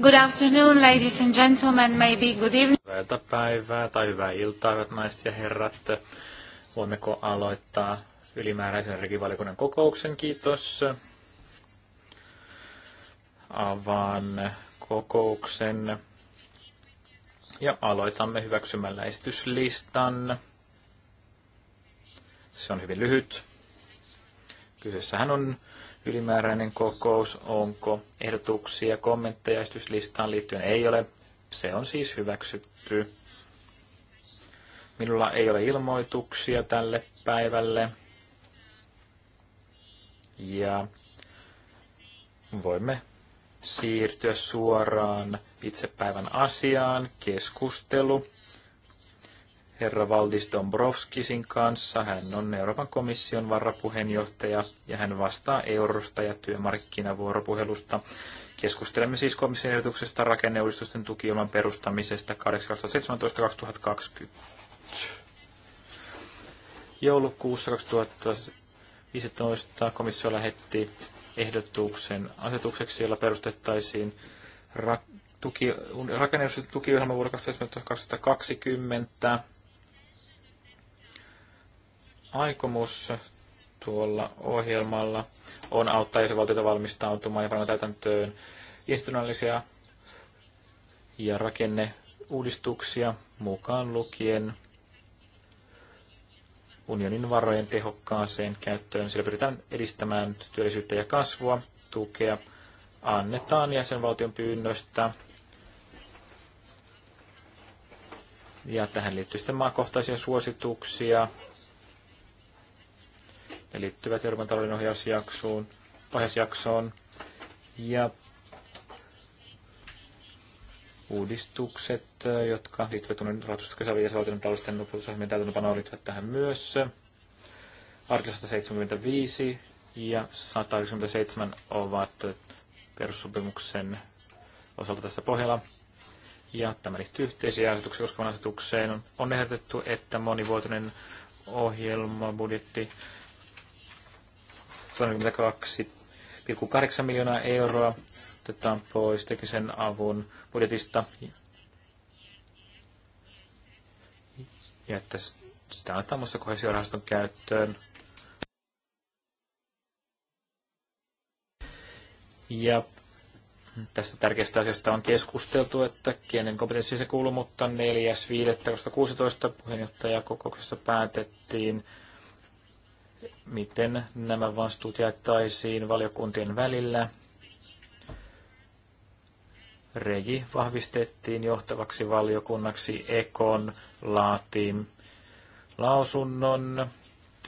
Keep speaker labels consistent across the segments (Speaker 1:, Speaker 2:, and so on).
Speaker 1: Good afternoon, ladies and gentlemen, maybe good evening.
Speaker 2: Hyvää iltapäivää tai hyvää iltaa, hyvät naiset ja herrat. Voimmeko aloittaa ylimääräisen regivalikunnan kokouksen? Kiitos. Avaan kokouksen ja aloitamme hyväksymällä esityslistan. Se on hyvin lyhyt. Kyseessähän on ylimääräinen kokous. Onko ehdotuksia, kommentteja esityslistaan liittyen? Ei ole. Se on siis hyväksytty. Minulla ei ole ilmoituksia tälle päivälle. Ja voimme siirtyä suoraan itse päivän asiaan, keskustelu herra Valdis Dombrovskisin kanssa. Hän on Euroopan komission varapuheenjohtaja ja hän vastaa eurosta ja työmarkkinavuoropuhelusta. Keskustelemme siis komission ehdotuksesta rakenneuudistusten tukioman perustamisesta 2017-2020. Joulukuussa 2015 komissio lähetti ehdotuksen asetukseksi, jolla perustettaisiin ra- tuki, rakenneuudistusten tukiohjelma vuonna 2020 aikomus tuolla ohjelmalla on auttaa jäsenvaltioita valmistautumaan ja panemaan täytäntöön institutionaalisia ja rakenneuudistuksia mukaan lukien unionin varojen tehokkaaseen käyttöön. Sillä pyritään edistämään työllisyyttä ja kasvua, tukea annetaan jäsenvaltion pyynnöstä. Ja tähän liittyy sitten maakohtaisia suosituksia ne liittyvät Euroopan talouden ohjausjaksoon, ohjausjaksoon ja uudistukset, äh, jotka liittyvät tuonne rahoitusta kesäviin ja saavutin taloudellisten nopeutusohjelmien täytäntöpanoon liittyvät tähän myös. Artikla 175 ja 197 ovat perussopimuksen osalta tässä pohjalla. Ja tämä liittyy yhteisiä asetuksia koskevan asetukseen. On ehdotettu, että monivuotinen ohjelmabudjetti 142,8 miljoonaa euroa otetaan pois teknisen avun budjetista. Ja että sitä annetaan muista kohesiorahaston käyttöön. Ja tästä tärkeästä asiasta on keskusteltu, että kenen kompetenssi se kuuluu, mutta 4.5.2016 puheenjohtajakokouksessa päätettiin miten nämä vastuut jaettaisiin valiokuntien välillä. Regi vahvistettiin johtavaksi valiokunnaksi Ekon laatiin lausunnon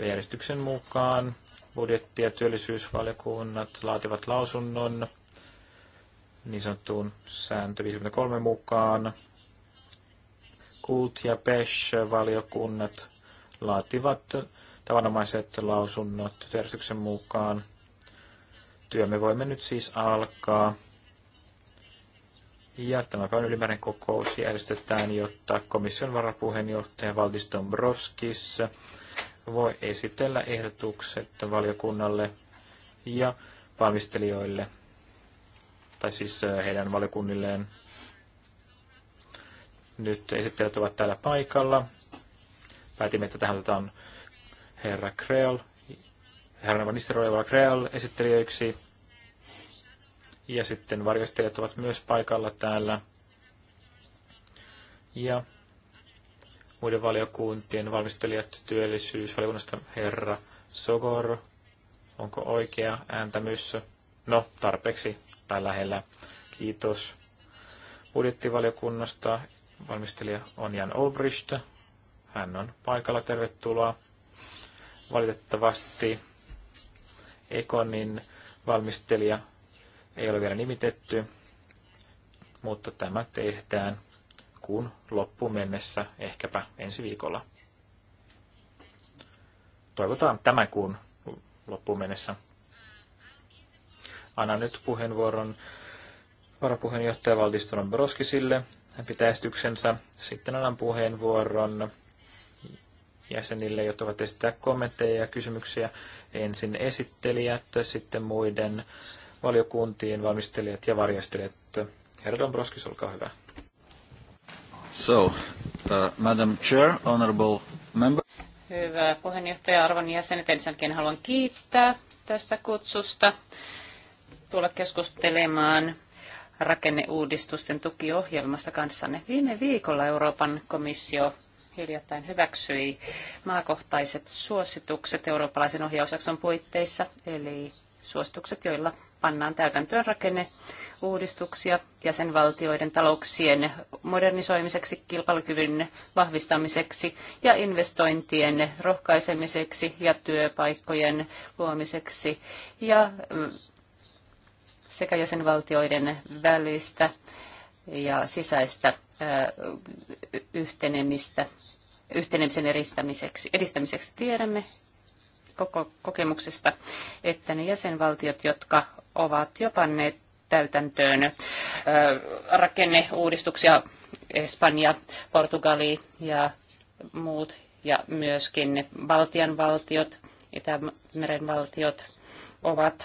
Speaker 2: järjestyksen mukaan. Budjetti- ja työllisyysvaliokunnat laativat lausunnon niin sanottuun sääntö 53 mukaan. Kult- ja Pesh-valiokunnat laativat tavanomaiset lausunnot järjestyksen mukaan. Työmme voimme nyt siis alkaa. Ja tämä päivän ylimääräinen kokous järjestetään, jotta komission varapuheenjohtaja Valdis Dombrovskis voi esitellä ehdotukset valiokunnalle ja valmistelijoille, tai siis äh, heidän valiokunnilleen. Nyt esittelijät ovat täällä paikalla. Päätimme, että tähän otetaan herra Kreol, herra Van Nistelrooy Kreol esittelijöiksi. Ja sitten varjostajat ovat myös paikalla täällä. Ja muiden valiokuntien valmistelijat työllisyysvaliokunnasta herra Sogor. Onko oikea ääntämys? No, tarpeeksi tai lähellä. Kiitos. Budjettivaliokunnasta valmistelija on Jan Olbrist. Hän on paikalla. Tervetuloa. Valitettavasti Ekonin valmistelija ei ole vielä nimitetty, mutta tämä tehdään kuun loppuun mennessä, ehkäpä ensi viikolla. Toivotaan tämän kuun loppuun mennessä. Annan nyt puheenvuoron varapuheenjohtaja Valdis Broskisille. Hän pitää estyksensä. Sitten annan puheenvuoron jäsenille, jotka ovat esittää kommentteja ja kysymyksiä. Ensin esittelijät, sitten muiden valiokuntien valmistelijat ja varjostelijat. Herra Dombrovskis, olkaa hyvä.
Speaker 1: So, uh, Madam Chair,
Speaker 2: Honorable Member.
Speaker 1: Hyvä puheenjohtaja, arvon jäsenet. Ensinnäkin haluan kiittää tästä kutsusta tulla keskustelemaan rakenneuudistusten tukiohjelmasta kanssanne. Viime viikolla Euroopan komissio hiljattain hyväksyi maakohtaiset suositukset eurooppalaisen ohjausjakson puitteissa, eli suositukset, joilla pannaan täytäntöön rakenne uudistuksia jäsenvaltioiden talouksien modernisoimiseksi, kilpailukyvyn vahvistamiseksi ja investointien rohkaisemiseksi ja työpaikkojen luomiseksi ja mm, sekä jäsenvaltioiden välistä ja sisäistä yhtenemistä, yhtenemisen edistämiseksi, edistämiseksi tiedämme koko kokemuksesta, että ne jäsenvaltiot, jotka ovat jo panneet täytäntöön rakenneuudistuksia, Espanja, Portugali ja muut, ja myöskin ne Baltian valtiot, Itämeren valtiot ovat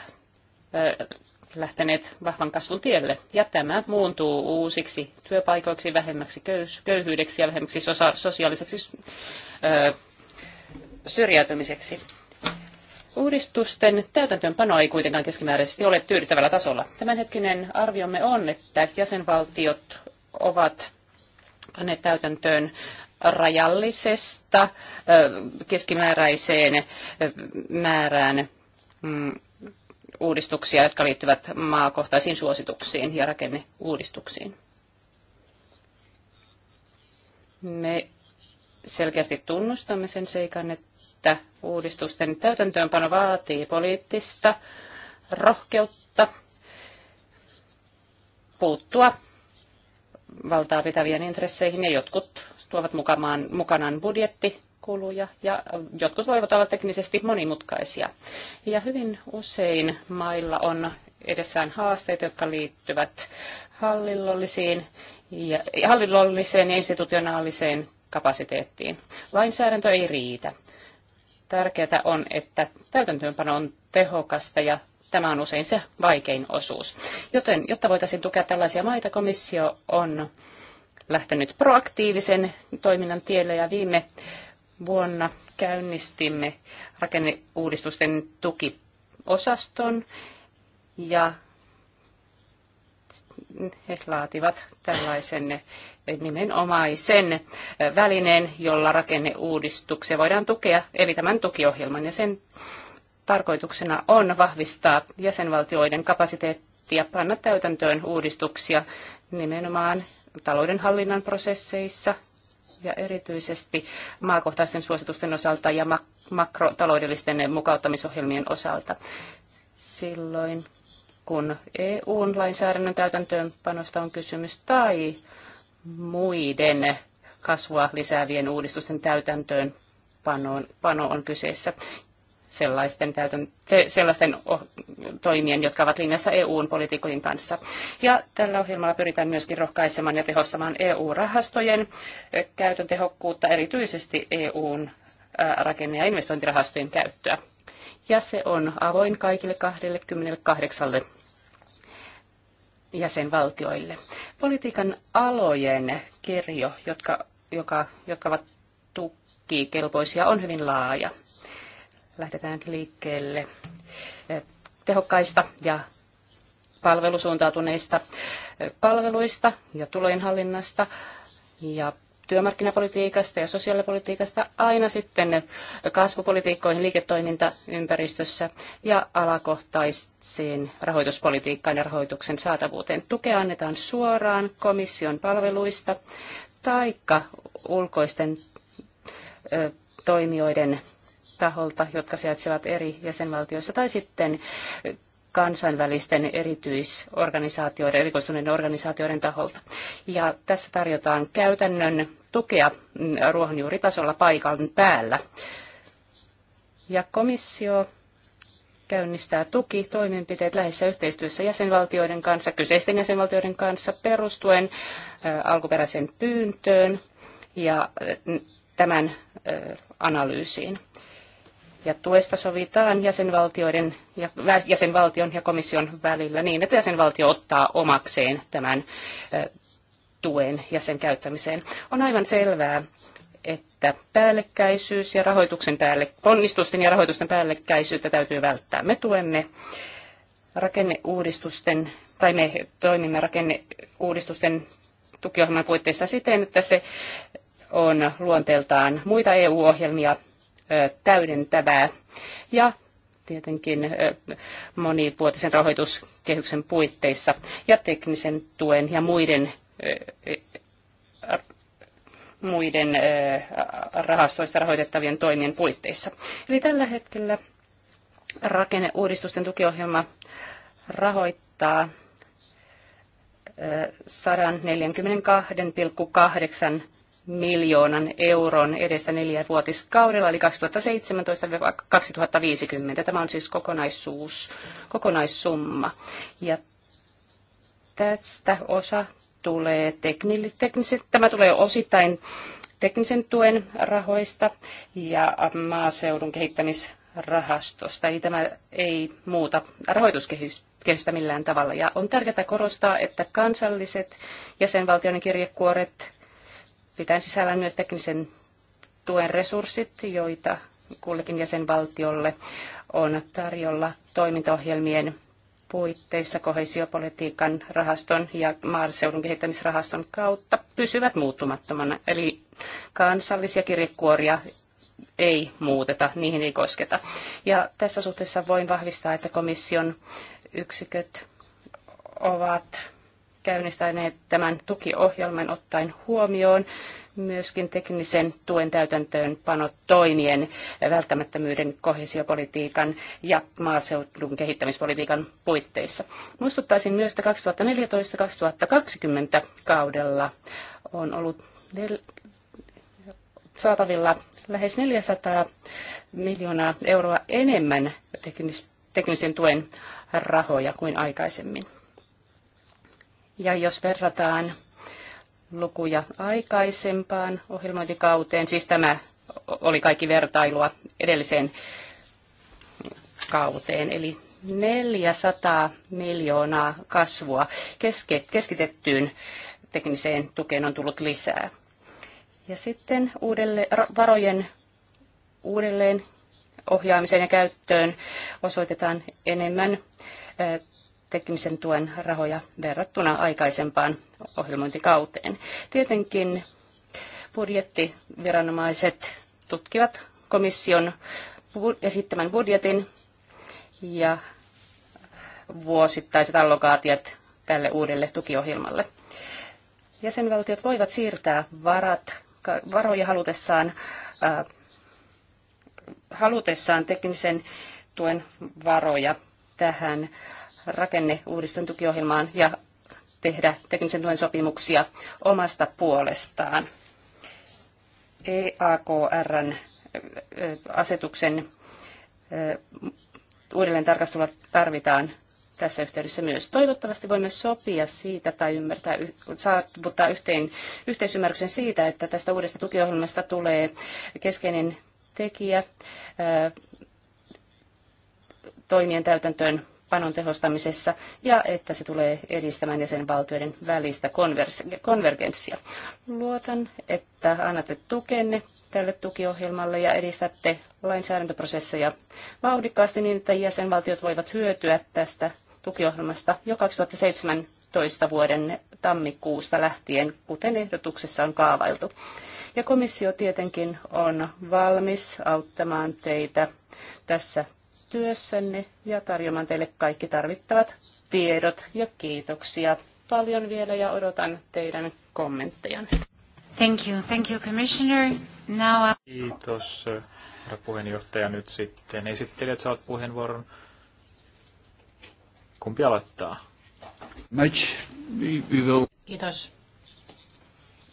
Speaker 1: lähteneet vahvan kasvun tielle. Ja tämä muuntuu uusiksi työpaikoiksi, vähemmäksi köyhyydeksi ja vähemmäksi sosiaaliseksi ö, syrjäytymiseksi. Uudistusten täytäntöönpano ei kuitenkaan keskimääräisesti ole tyydyttävällä tasolla. Tämänhetkinen arviomme on, että jäsenvaltiot ovat panneet täytäntöön rajallisesta keskimääräiseen määrään mm, uudistuksia, jotka liittyvät maakohtaisiin suosituksiin ja rakenneuudistuksiin. Me selkeästi tunnustamme sen seikan, että uudistusten täytäntöönpano vaatii poliittista rohkeutta puuttua valtaa pitävien intresseihin ja jotkut tuovat mukanaan, mukanaan budjetti kuluja ja jotkut voivat olla teknisesti monimutkaisia. Ja hyvin usein mailla on edessään haasteita, jotka liittyvät hallinnollisiin ja, hallinnolliseen ja institutionaaliseen kapasiteettiin. Lainsäädäntö ei riitä. Tärkeää on, että täytäntöönpano on tehokasta ja tämä on usein se vaikein osuus. Joten, jotta voitaisiin tukea tällaisia maita, komissio on lähtenyt proaktiivisen toiminnan tielle ja viime vuonna käynnistimme rakenneuudistusten tukiosaston ja he laativat tällaisen nimenomaisen välineen, jolla rakenneuudistuksia voidaan tukea, eli tämän tukiohjelman. Ja sen tarkoituksena on vahvistaa jäsenvaltioiden kapasiteettia panna täytäntöön uudistuksia nimenomaan taloudenhallinnan prosesseissa ja erityisesti maakohtaisten suositusten osalta ja makrotaloudellisten mukauttamisohjelmien osalta. Silloin kun EU-lainsäädännön täytäntöönpanosta on kysymys tai muiden kasvua lisäävien uudistusten täytäntöönpano on kyseessä sellaisten, täytön, se, sellaisten oh, toimien, jotka ovat linjassa EUn politiikojen kanssa. Ja tällä ohjelmalla pyritään myöskin rohkaisemaan ja tehostamaan EU-rahastojen eh, käytön tehokkuutta, erityisesti EUn eh, rakenne- ja investointirahastojen käyttöä. Ja se on avoin kaikille 28 jäsenvaltioille. Politiikan alojen kirjo, jotka, joka, jotka ovat tukikelpoisia, on hyvin laaja lähdetään liikkeelle eh, tehokkaista ja palvelusuuntautuneista eh, palveluista ja tulojenhallinnasta ja työmarkkinapolitiikasta ja sosiaalipolitiikasta aina sitten eh, kasvupolitiikkoihin liiketoimintaympäristössä ja alakohtaisiin rahoituspolitiikkaan ja rahoituksen saatavuuteen. Tukea annetaan suoraan komission palveluista taikka ulkoisten toimijoiden taholta, jotka sijaitsevat eri jäsenvaltioissa, tai sitten kansainvälisten erityisorganisaatioiden, erikoistuneiden organisaatioiden taholta. Ja tässä tarjotaan käytännön tukea ruohonjuuritasolla paikan päällä. Ja komissio käynnistää tuki toimenpiteet läheisessä yhteistyössä jäsenvaltioiden kanssa, kyseisten jäsenvaltioiden kanssa perustuen alkuperäisen pyyntöön ja tämän analyysiin ja tuesta sovitaan jäsenvaltioiden ja, jäsenvaltion ja komission välillä niin, että jäsenvaltio ottaa omakseen tämän tuen ja sen käyttämiseen. On aivan selvää, että päällekkäisyys ja rahoituksen päälle, ponnistusten ja rahoitusten päällekkäisyyttä täytyy välttää. Me tuemme rakenneuudistusten, tai me toimimme rakenneuudistusten tukiohjelman puitteissa siten, että se on luonteeltaan muita EU-ohjelmia täydentävää. Ja tietenkin monivuotisen rahoituskehyksen puitteissa ja teknisen tuen ja muiden muiden rahastoista rahoitettavien toimien puitteissa. Eli tällä hetkellä rakenneuudistusten tukiohjelma rahoittaa 142,8 miljoonan euron edestä neljävuotiskaudella, eli 2017-2050. Tämä on siis kokonaisuus, kokonaissumma. Ja tästä osa tulee teknillis- tekniset, tämä tulee osittain teknisen tuen rahoista ja maaseudun kehittämisrahastosta. Eli tämä ei muuta rahoituskehystä millään tavalla. Ja on tärkeää korostaa, että kansalliset jäsenvaltioiden kirjekuoret pitää sisällä myös teknisen tuen resurssit, joita kullekin jäsenvaltiolle on tarjolla toimintaohjelmien puitteissa kohesiopolitiikan rahaston ja maaseudun kehittämisrahaston kautta pysyvät muuttumattomana. Eli kansallisia kirjekuoria ei muuteta, niihin ei kosketa. Ja tässä suhteessa voin vahvistaa, että komission yksiköt ovat käynnistäneet tämän tukiohjelman ottaen huomioon myöskin teknisen tuen panot toimien välttämättömyyden kohesiopolitiikan ja maaseudun kehittämispolitiikan puitteissa. Muistuttaisin myös, että 2014-2020 kaudella on ollut saatavilla lähes 400 miljoonaa euroa enemmän teknisen tuen rahoja kuin aikaisemmin. Ja jos verrataan lukuja aikaisempaan ohjelmointikauteen, siis tämä oli kaikki vertailua edelliseen kauteen, eli 400 miljoonaa kasvua keskitettyyn tekniseen tukeen on tullut lisää. Ja sitten uudelle, varojen uudelleen ohjaamiseen ja käyttöön osoitetaan enemmän teknisen tuen rahoja verrattuna aikaisempaan ohjelmointikauteen. Tietenkin budjettiviranomaiset tutkivat komission esittämän budjetin ja vuosittaiset allokaatiot tälle uudelle tukiohjelmalle. Jäsenvaltiot voivat siirtää varat, varoja halutessaan, äh, halutessaan teknisen tuen varoja tähän rakenneuudiston tukiohjelmaan ja tehdä teknisen tuen sopimuksia omasta puolestaan. EAKRn asetuksen uudelleen tarkastelua tarvitaan tässä yhteydessä myös. Toivottavasti voimme sopia siitä tai ymmärtää, saavuttaa yhteen, yhteisymmärryksen siitä, että tästä uudesta tukiohjelmasta tulee keskeinen tekijä toimien täytäntöön panon tehostamisessa ja että se tulee edistämään jäsenvaltioiden välistä konvergenssia. Luotan, että annatte tukenne tälle tukiohjelmalle ja edistätte lainsäädäntöprosesseja vauhdikkaasti niin, että jäsenvaltiot voivat hyötyä tästä tukiohjelmasta jo 2017 vuoden tammikuusta lähtien, kuten ehdotuksessa on kaavailtu. Ja komissio tietenkin on valmis auttamaan teitä tässä työssänne ja tarjoamaan teille kaikki tarvittavat tiedot ja kiitoksia paljon vielä ja odotan teidän kommenttejanne. Thank you. Thank you, Commissioner. Now I...
Speaker 2: Kiitos, herra puheenjohtaja. Nyt sitten esittelijät saavat puheenvuoron. Kumpi aloittaa? Much. We will...
Speaker 3: Kiitos.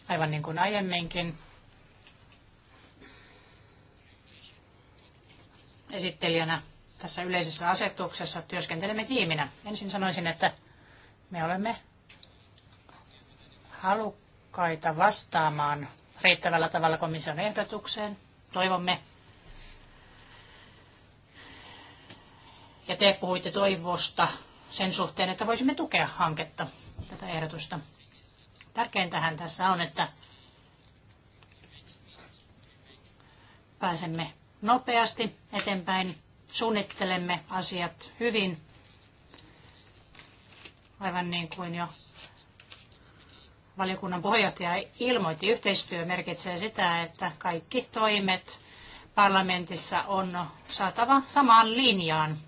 Speaker 3: Aivan niin kuin aiemminkin. Esittelijänä tässä yleisessä asetuksessa työskentelemme tiiminä. Ensin sanoisin, että me olemme halukkaita vastaamaan riittävällä tavalla komission ehdotukseen. Toivomme. Ja te puhuitte toivosta sen suhteen, että voisimme tukea hanketta, tätä ehdotusta. Tärkeintähän tässä on, että pääsemme nopeasti eteenpäin suunnittelemme asiat hyvin, aivan niin kuin jo valiokunnan puheenjohtaja ilmoitti, yhteistyö merkitsee sitä, että kaikki toimet parlamentissa on saatava samaan linjaan.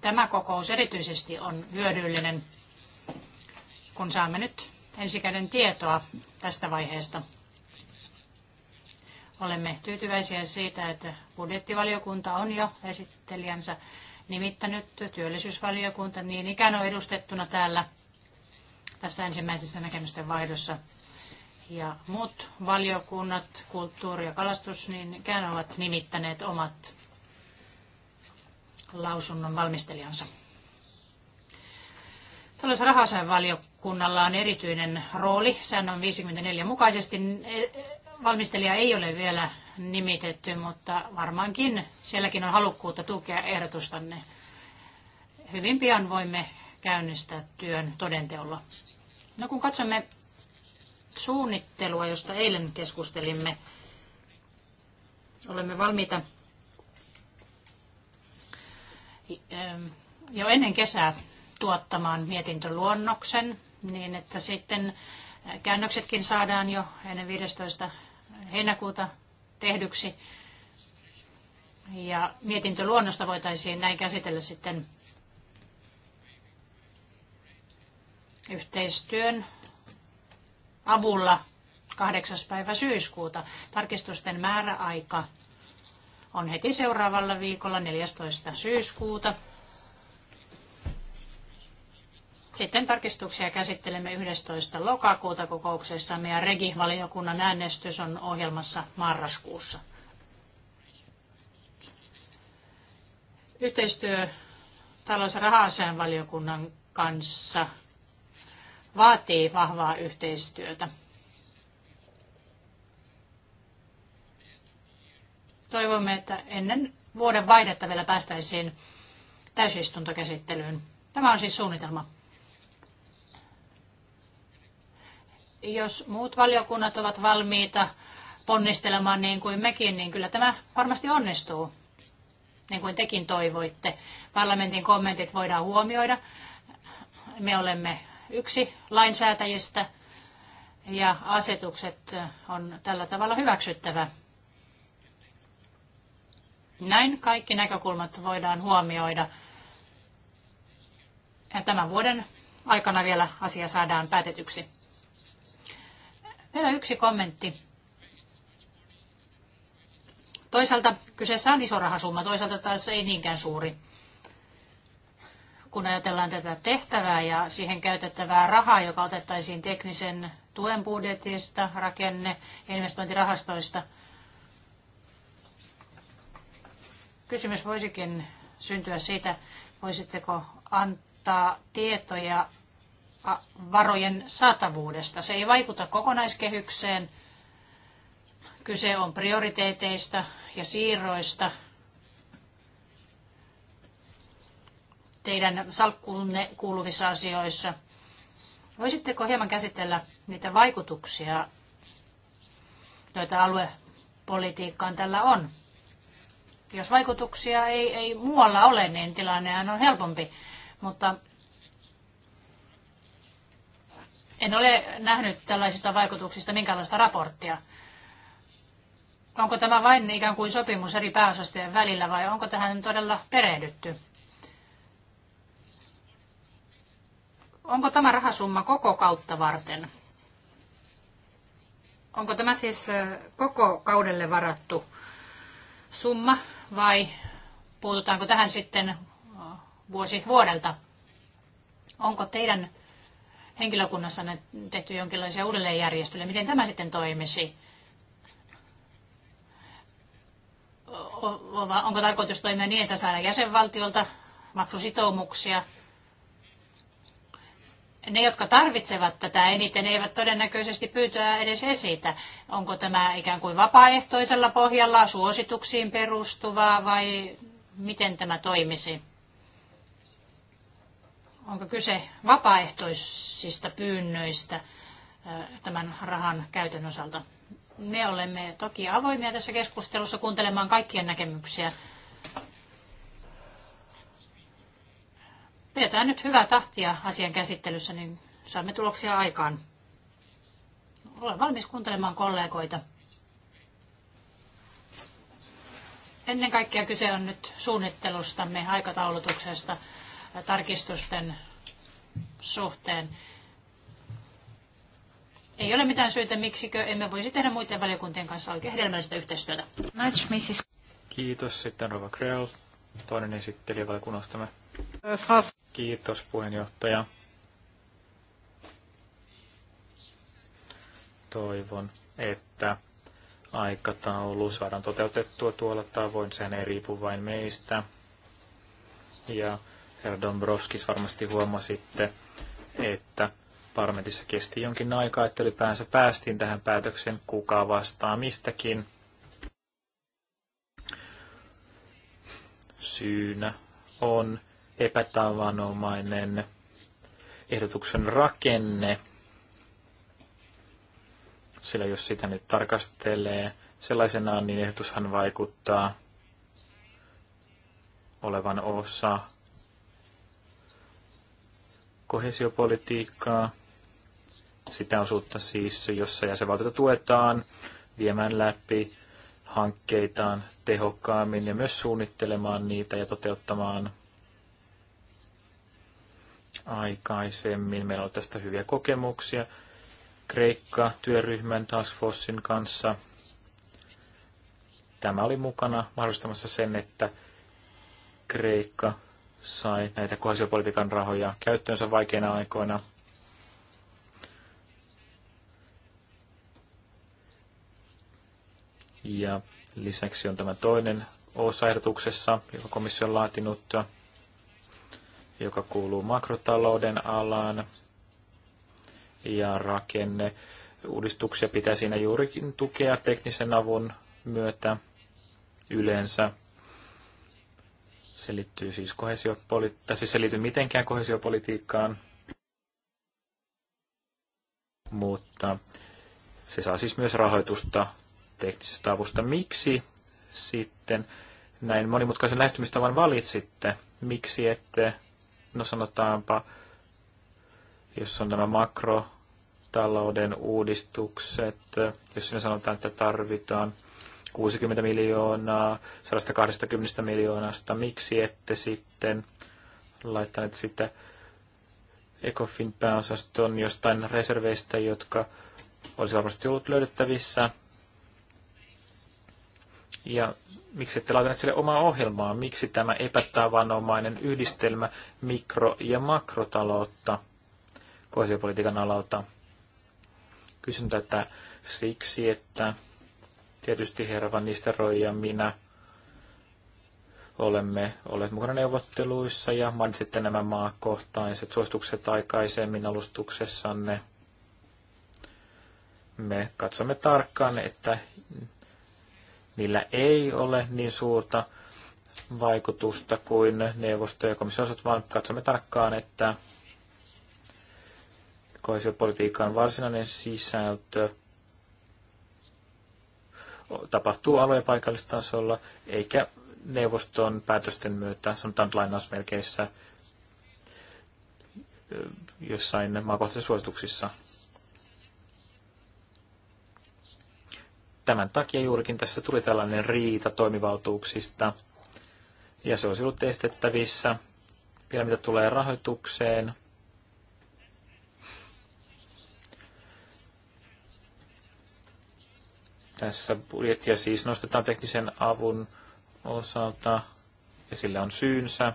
Speaker 3: Tämä kokous erityisesti on hyödyllinen, kun saamme nyt ensikäden tietoa tästä vaiheesta. Olemme tyytyväisiä siitä, että budjettivaliokunta on jo esittelijänsä nimittänyt työllisyysvaliokunta niin ikään on edustettuna täällä tässä ensimmäisessä näkemysten vaihdossa. Ja muut valiokunnat, kulttuuri ja kalastus, niin ikään ovat nimittäneet omat lausunnon valmistelijansa. Talous- ja valiokunnalla on erityinen rooli säännön 54 mukaisesti valmistelija ei ole vielä nimitetty, mutta varmaankin sielläkin on halukkuutta tukea ehdotustanne. Hyvin pian voimme käynnistää työn todenteolla. No kun katsomme suunnittelua, josta eilen keskustelimme, olemme valmiita ähm, jo ennen kesää tuottamaan mietintöluonnoksen niin, että sitten käännöksetkin saadaan jo ennen 15 heinäkuuta tehdyksi. Ja mietintöluonnosta voitaisiin näin käsitellä sitten yhteistyön avulla 8. päivä syyskuuta. Tarkistusten määräaika on heti seuraavalla viikolla 14. syyskuuta sitten tarkistuksia käsittelemme 11. lokakuuta kokouksessamme ja Regi-valiokunnan äänestys on ohjelmassa marraskuussa. Yhteistyö talous- ja raha valiokunnan kanssa vaatii vahvaa yhteistyötä. Toivomme, että ennen vuoden vaihdetta vielä päästäisiin täysistuntokäsittelyyn. Tämä on siis suunnitelma. Jos muut valiokunnat ovat valmiita ponnistelemaan niin kuin mekin, niin kyllä tämä varmasti onnistuu, niin kuin tekin toivoitte. Parlamentin kommentit voidaan huomioida. Me olemme yksi lainsäätäjistä ja asetukset on tällä tavalla hyväksyttävä. Näin kaikki näkökulmat voidaan huomioida. Ja tämän vuoden aikana vielä asia saadaan päätetyksi. Vielä yksi kommentti. Toisaalta kyseessä on iso rahasumma, toisaalta taas ei niinkään suuri. Kun ajatellaan tätä tehtävää ja siihen käytettävää rahaa, joka otettaisiin teknisen tuen budjetista, rakenne- ja investointirahastoista, kysymys voisikin syntyä siitä, voisitteko antaa tietoja varojen saatavuudesta. Se ei vaikuta kokonaiskehykseen. Kyse on prioriteeteista ja siirroista. teidän salkkuunne kuuluvissa asioissa. Voisitteko hieman käsitellä niitä vaikutuksia, joita aluepolitiikkaan tällä on? Jos vaikutuksia ei, ei muualla ole, niin tilanne on helpompi. Mutta en ole nähnyt tällaisista vaikutuksista minkäänlaista raporttia. Onko tämä vain ikään kuin sopimus eri pääosastojen välillä vai onko tähän todella perehdytty? Onko tämä rahasumma koko kautta varten? Onko tämä siis koko kaudelle varattu summa vai puututaanko tähän sitten vuosi vuodelta? Onko teidän henkilökunnassa on tehty jonkinlaisia uudelleenjärjestelyjä. Miten tämä sitten toimisi? Onko tarkoitus toimia niin, että saadaan jäsenvaltiolta maksusitoumuksia? Ne, jotka tarvitsevat tätä eniten, eivät todennäköisesti pyytää edes esitä. Onko tämä ikään kuin vapaaehtoisella pohjalla, suosituksiin perustuvaa vai miten tämä toimisi? onko kyse vapaaehtoisista pyynnöistä tämän rahan käytön osalta. Me olemme toki avoimia tässä keskustelussa kuuntelemaan kaikkien näkemyksiä. Pidetään nyt hyvää tahtia asian käsittelyssä, niin saamme tuloksia aikaan. Olen valmis kuuntelemaan kollegoita. Ennen kaikkea kyse on nyt suunnittelustamme, aikataulutuksesta – tarkistusten suhteen. Ei ole mitään syytä, miksikö emme voisi tehdä muiden valiokuntien kanssa oikein hedelmällistä yhteistyötä.
Speaker 2: Kiitos. Sitten Rova Krell, toinen esittelijä valiokunnastamme. Äh, Kiitos puheenjohtaja. Toivon, että aikataulu saadaan toteutettua tuolla tavoin. Sehän ei riipu vain meistä. Ja herra Dombrovskis varmasti huomasitte, että parlamentissa kesti jonkin aikaa, että ylipäänsä päästiin tähän päätökseen, kuka vastaa mistäkin. Syynä on epätavanomainen ehdotuksen rakenne, sillä jos sitä nyt tarkastelee sellaisenaan, niin ehdotushan vaikuttaa olevan osa kohesiopolitiikkaa, sitä osuutta siis, jossa jäsenvaltiota tuetaan viemään läpi hankkeitaan tehokkaammin ja myös suunnittelemaan niitä ja toteuttamaan aikaisemmin. Meillä on tästä hyviä kokemuksia Kreikka työryhmän Task Forcein kanssa. Tämä oli mukana mahdollistamassa sen, että Kreikka sai näitä kohesiopolitiikan rahoja käyttöönsä vaikeina aikoina. Ja lisäksi on tämä toinen osa ehdotuksessa, joka komissio on laatinut, joka kuuluu makrotalouden alaan ja rakenne. Uudistuksia pitää siinä juurikin tukea teknisen avun myötä yleensä se liittyy siis kohesiopoli- siis se liittyy mitenkään kohesiopolitiikkaan, mutta se saa siis myös rahoitusta teknisestä avusta. Miksi sitten näin monimutkaisen lähestymistavan valitsitte? Miksi ette, no sanotaanpa, jos on nämä makrotalouden uudistukset, jos siinä sanotaan, että tarvitaan – 60 miljoonaa, 120 miljoonasta. Miksi ette sitten laittaneet sitä ECOFIN pääosaston jostain reserveistä, jotka olisi varmasti ollut löydettävissä? Ja miksi ette laitaneet sille omaa ohjelmaa? Miksi tämä epätavanomainen yhdistelmä mikro- ja makrotaloutta kohesiopolitiikan alalta? Kysyn tätä siksi, että Tietysti herra Van Nistelrooy ja minä olemme olleet mukana neuvotteluissa ja mainitsitte nämä maakohtaiset suositukset aikaisemmin alustuksessanne. Me katsomme tarkkaan, että niillä ei ole niin suurta vaikutusta kuin neuvosto- ja komissiosat, vaan katsomme tarkkaan, että koesiopolitiikan varsinainen sisältö – tapahtuu alue- ja paikallistasolla, eikä neuvoston päätösten myötä, sanotaan lainausmerkeissä, jossain maakohtaisissa suosituksissa. Tämän takia juurikin tässä tuli tällainen riita toimivaltuuksista, ja se olisi ollut estettävissä. Vielä mitä tulee rahoitukseen, Tässä budjettia siis nostetaan teknisen avun osalta ja sillä on syynsä.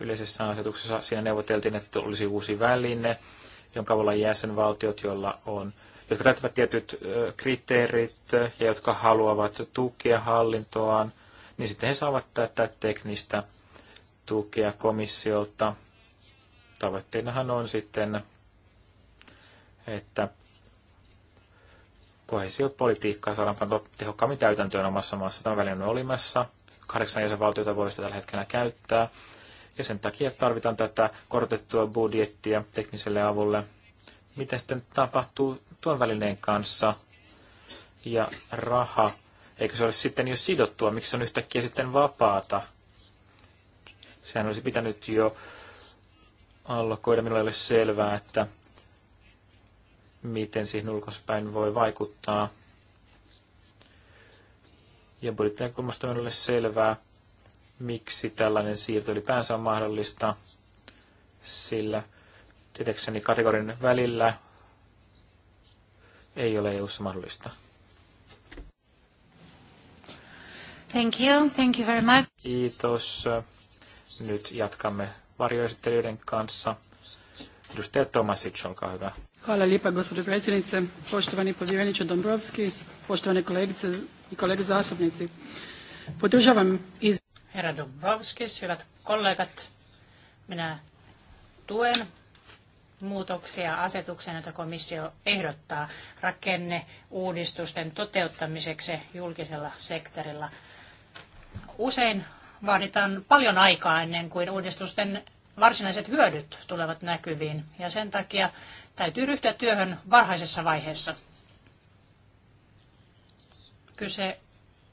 Speaker 2: Yleisessä asetuksessa siinä neuvoteltiin, että olisi uusi väline, jonka avulla jäsenvaltiot, joilla on, jotka täyttävät tietyt kriteerit ja jotka haluavat tukea hallintoaan, niin sitten he saavat tätä teknistä tukea komissiolta. Tavoitteenahan on sitten, että kohesiopolitiikkaa saadaan pantua tehokkaammin täytäntöön omassa maassa. Tämä väline on olemassa. Kahdeksan jäsenvaltiota voi sitä tällä hetkellä käyttää. Ja sen takia tarvitaan tätä korotettua budjettia tekniselle avulle. Mitä sitten tapahtuu tuon välineen kanssa? Ja raha, eikö se ole sitten jo sidottua? Miksi se on yhtäkkiä sitten vapaata? Sehän olisi pitänyt jo allokoida. minulle ei ole selvää, että miten siihen ulkospäin voi vaikuttaa. Ja budjettinäkökulmasta on ole selvää, miksi tällainen siirto ylipäänsä on mahdollista, sillä tietääkseni kategorin välillä ei ole eu mahdollista.
Speaker 3: Thank you. Thank you very much.
Speaker 2: Kiitos. Nyt jatkamme varjoesittelyiden kanssa. Edustaja Tomasic, olkaa hyvä.
Speaker 3: Hvala lijepa gospođo predsjednice, poštovani povjereniče Dombrovski, poštovane kolegice i kolege zastupnici. Podržavam iz... Herra Dombrovskis, hyvät kollegat, minä tuen muutoksia asetukseen, jota komissio ehdottaa rakenneuudistusten toteuttamiseksi julkisella sektorilla. Usein vaaditaan paljon aikaa ennen kuin uudistusten varsinaiset hyödyt tulevat näkyviin ja sen takia täytyy ryhtyä työhön varhaisessa vaiheessa. Kyse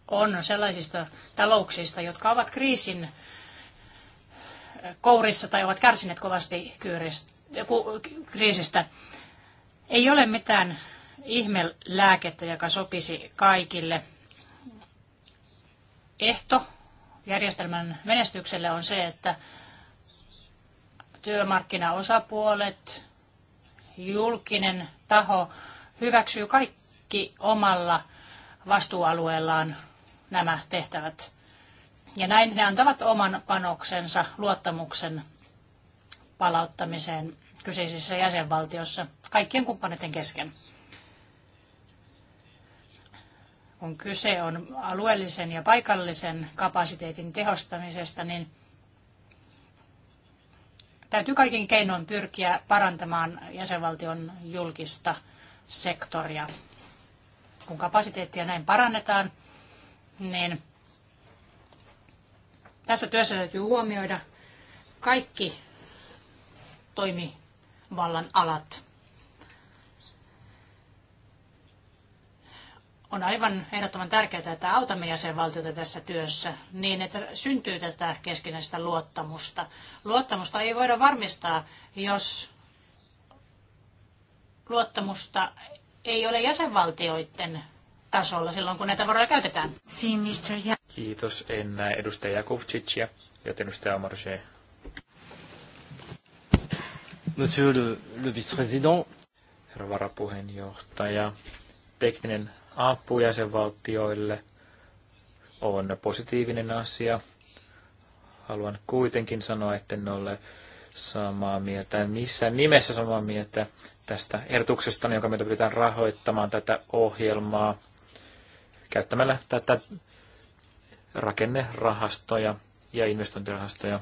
Speaker 3: on sellaisista talouksista, jotka ovat kriisin eh, kourissa tai ovat kärsineet kovasti kriisistä. Ei ole mitään ihmelääkettä, joka sopisi kaikille. Ehto järjestelmän menestykselle on se, että työmarkkinaosapuolet, julkinen taho hyväksyy kaikki omalla vastuualueellaan nämä tehtävät. Ja näin ne antavat oman panoksensa luottamuksen palauttamiseen kyseisissä jäsenvaltiossa kaikkien kumppaneiden kesken. Kun kyse on alueellisen ja paikallisen kapasiteetin tehostamisesta, niin Täytyy kaikin keinoin pyrkiä parantamaan jäsenvaltion julkista sektoria. Kun kapasiteettia näin parannetaan, niin tässä työssä täytyy huomioida kaikki toimivallan alat. on aivan ehdottoman tärkeää, että autamme jäsenvaltioita tässä työssä niin, että syntyy tätä keskinäistä luottamusta. Luottamusta ei voida varmistaa, jos luottamusta ei ole jäsenvaltioiden tasolla silloin, kun näitä varoja käytetään.
Speaker 2: Kiitos. En näe edustaja Jakovcicia, joten edustaja Omarche. Monsieur le, le vice-président. Herra varapuheenjohtaja, tekninen apu jäsenvaltioille on positiivinen asia. Haluan kuitenkin sanoa, että en ole samaa mieltä, missään nimessä samaa mieltä tästä ehdotuksesta, jonka meitä pyritään rahoittamaan tätä ohjelmaa käyttämällä tätä rakennerahastoja ja investointirahastoja.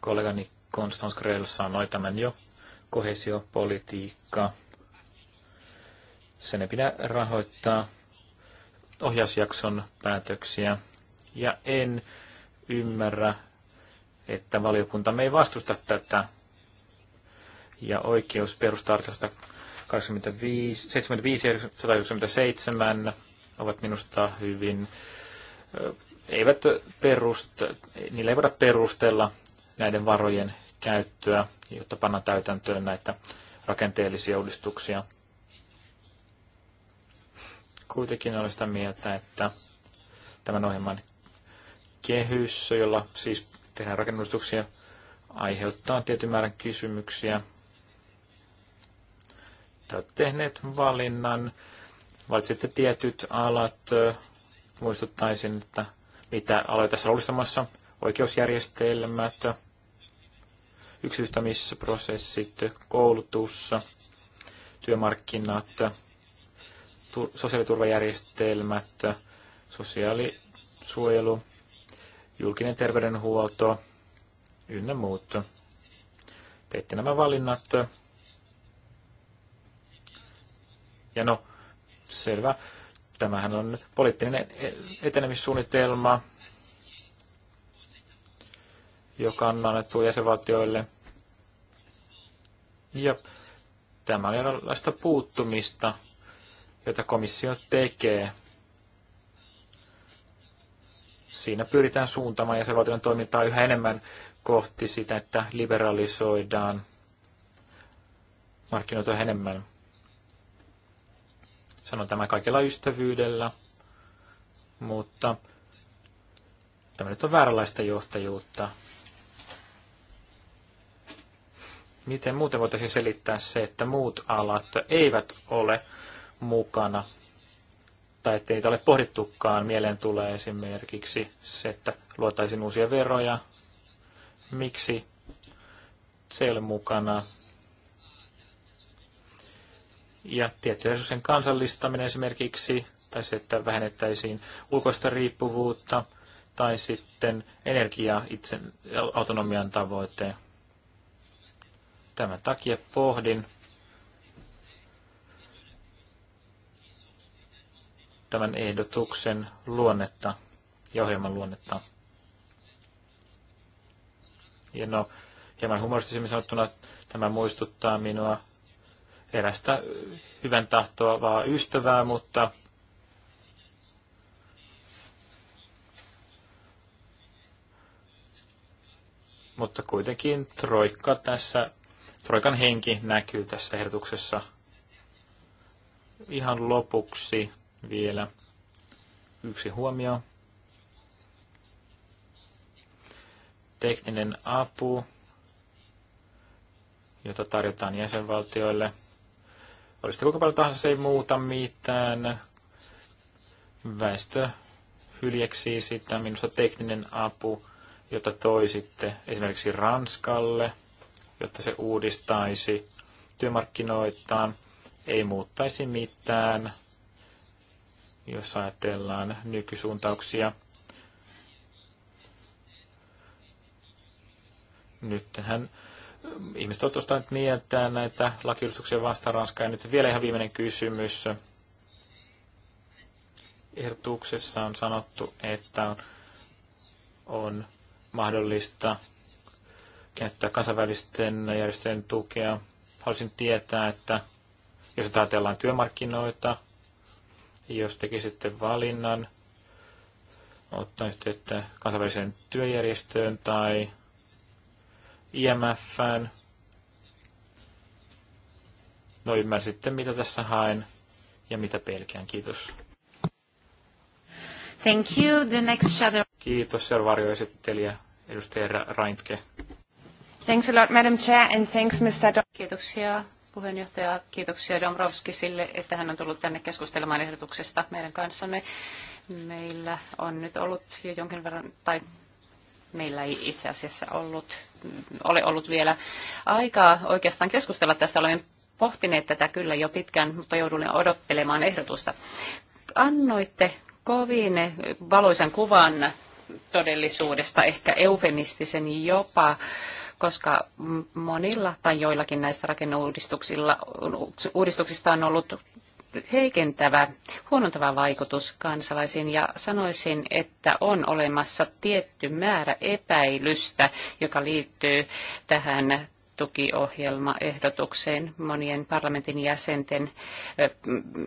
Speaker 2: Kollegani Konstans Grell sanoi tämän jo, kohesiopolitiikka sen ei pidä rahoittaa ohjausjakson päätöksiä. Ja en ymmärrä, että me ei vastusta tätä. Ja oikeus perustarkasta 75 197 ovat minusta hyvin, eivät perusta, niillä ei voida perustella näiden varojen käyttöä, jotta panna täytäntöön näitä rakenteellisia uudistuksia. Kuitenkin olen sitä mieltä, että tämän ohjelman kehys, jolla siis tehdään rakennustuksia, aiheuttaa tietyn määrän kysymyksiä. Te olette tehneet valinnan, valitsitte tietyt alat. Muistuttaisin, että mitä aloja tässä olistamassa, oikeusjärjestelmät, yksityistämisprosessit, koulutus, työmarkkinat, sosiaaliturvajärjestelmät, sosiaalisuojelu, julkinen terveydenhuolto ynnä muut. Teitte nämä valinnat. Ja no, selvä. Tämähän on poliittinen e-, etenemissuunnitelma, joka on annettu jäsenvaltioille. Ja tämä on erilaista puuttumista jota komissio tekee. Siinä pyritään suuntaamaan jäsenvaltion toimintaa yhä enemmän kohti sitä, että liberalisoidaan markkinoita enemmän. Sanon tämä kaikella ystävyydellä, mutta tämä nyt on vääränlaista johtajuutta. Miten muuten voitaisiin selittää se, että muut alat eivät ole mukana, tai ettei niitä ole pohdittukaan. Mieleen tulee esimerkiksi se, että luotaisiin uusia veroja. Miksi se ei ole mukana? Ja tiettyjen resurssien kansallistaminen esimerkiksi, tai se, että vähennettäisiin ulkoista riippuvuutta, tai sitten energia itsen autonomian tavoite. Tämän takia pohdin, tämän ehdotuksen luonnetta ja ohjelman luonnetta. Ja no, hieman humoristisemmin sanottuna tämä muistuttaa minua erästä hyvän tahtoa vaan ystävää, mutta mutta kuitenkin troikka tässä, troikan henki näkyy tässä ehdotuksessa. Ihan lopuksi vielä yksi huomio. Tekninen apu, jota tarjotaan jäsenvaltioille. Olisi kuinka paljon tahansa, se ei muuta mitään. Väestö hyljeksii sitä. Minusta tekninen apu, jota toisitte esimerkiksi Ranskalle, jotta se uudistaisi työmarkkinoitaan, ei muuttaisi mitään – jos ajatellaan nykysuuntauksia. Nythän ihmiset ovat ostaneet mieltään näitä lakiuudistuksia vastaan Ranskaa. Ja nyt vielä ihan viimeinen kysymys. Ehdotuksessa on sanottu, että on, on mahdollista käyttää kansainvälisten järjestöjen tukea. Haluaisin tietää, että jos ajatellaan työmarkkinoita, jos tekisitte valinnan ottaa yhteyttä kansainväliseen työjärjestöön tai IMFään. No ymmärsitte, mitä tässä haen ja mitä pelkään. Kiitos.
Speaker 3: Thank
Speaker 1: you. The next shadow.
Speaker 2: Kiitos, seuraava varjoesittelijä, edustaja Reintke.
Speaker 1: Thanks a lot, Madam Chair, and thanks, Mr. Do- Kiitoksia puheenjohtaja. Kiitoksia Domrovskisille, että hän on tullut tänne keskustelemaan ehdotuksesta meidän kanssamme. Meillä on nyt ollut jo jonkin verran, tai meillä ei itse asiassa ollut, ole ollut vielä aikaa oikeastaan keskustella tästä. olen pohtineet tätä kyllä jo pitkään, mutta joudun odottelemaan ehdotusta. Annoitte kovin valoisen kuvan todellisuudesta, ehkä eufemistisen jopa koska monilla tai joillakin näistä rakenneuudistuksista on ollut heikentävä, huonontava vaikutus kansalaisiin ja sanoisin, että on olemassa tietty määrä epäilystä, joka liittyy tähän tukiohjelmaehdotukseen monien parlamentin jäsenten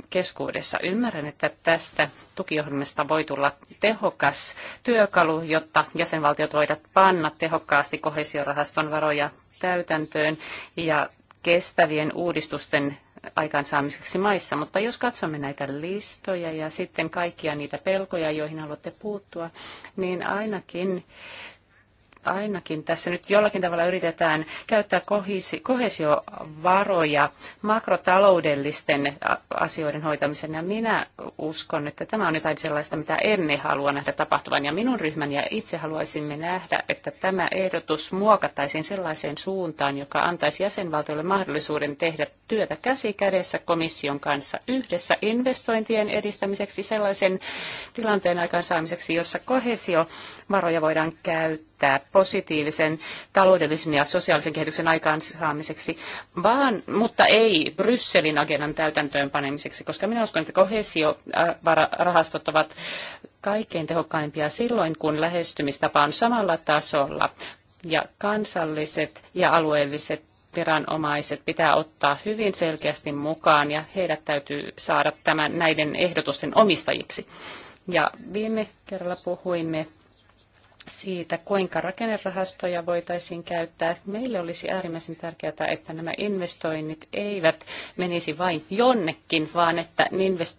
Speaker 1: keskuudessa. Ymmärrän, että tästä tukiohjelmasta voi tulla tehokas työkalu, jotta jäsenvaltiot voivat panna tehokkaasti kohesiorahaston varoja täytäntöön ja kestävien uudistusten aikaansaamiseksi maissa. Mutta jos katsomme näitä listoja ja sitten kaikkia niitä pelkoja, joihin haluatte puuttua, niin ainakin ainakin tässä nyt jollakin tavalla yritetään käyttää kohesiovaroja makrotaloudellisten asioiden hoitamiseen. Ja minä uskon, että tämä on jotain sellaista, mitä emme halua nähdä tapahtuvan. Ja minun ryhmän ja itse haluaisimme nähdä, että tämä ehdotus muokattaisiin sellaiseen suuntaan, joka antaisi jäsenvaltioille mahdollisuuden tehdä työtä käsi kädessä komission kanssa yhdessä investointien edistämiseksi sellaisen tilanteen aikaansaamiseksi, jossa kohesiovaroja voidaan käyttää riittää positiivisen taloudellisen ja sosiaalisen kehityksen aikaansaamiseksi, vaan, mutta ei Brysselin agendan täytäntöönpanemiseksi, koska minä uskon, että kohesiorahastot ovat kaikkein tehokkaimpia silloin, kun lähestymistapa on samalla tasolla ja kansalliset ja alueelliset viranomaiset pitää ottaa hyvin selkeästi mukaan ja heidät täytyy saada tämän, näiden ehdotusten omistajiksi. Ja viime kerralla puhuimme siitä, kuinka rakennerahastoja voitaisiin käyttää. Meille olisi äärimmäisen tärkeää, että nämä investoinnit eivät menisi vain jonnekin, vaan että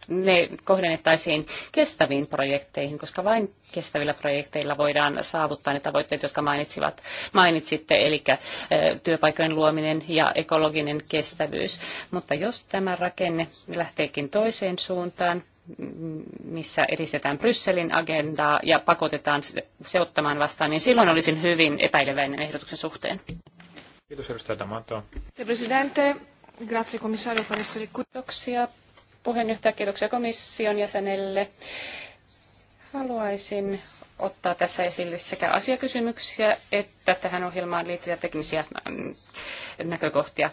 Speaker 1: ne kohdennettaisiin kestäviin projekteihin, koska vain kestävillä projekteilla voidaan saavuttaa ne tavoitteet, jotka mainitsivat, mainitsitte, eli äh, työpaikojen luominen ja ekologinen kestävyys. Mutta jos tämä rakenne lähteekin toiseen suuntaan, missä edistetään Brysselin agendaa ja pakotetaan se ottamaan vastaan, niin silloin olisin hyvin epäileväinen ehdotuksen suhteen.
Speaker 2: Kiitos edustaja Damato.
Speaker 1: Presidente, grazie komissario per essere qui. Kiitoksia puheenjohtaja, kiitoksia komission jäsenelle. Haluaisin ottaa tässä esille sekä asiakysymyksiä että tähän ohjelmaan liittyviä teknisiä mm, näkökohtia.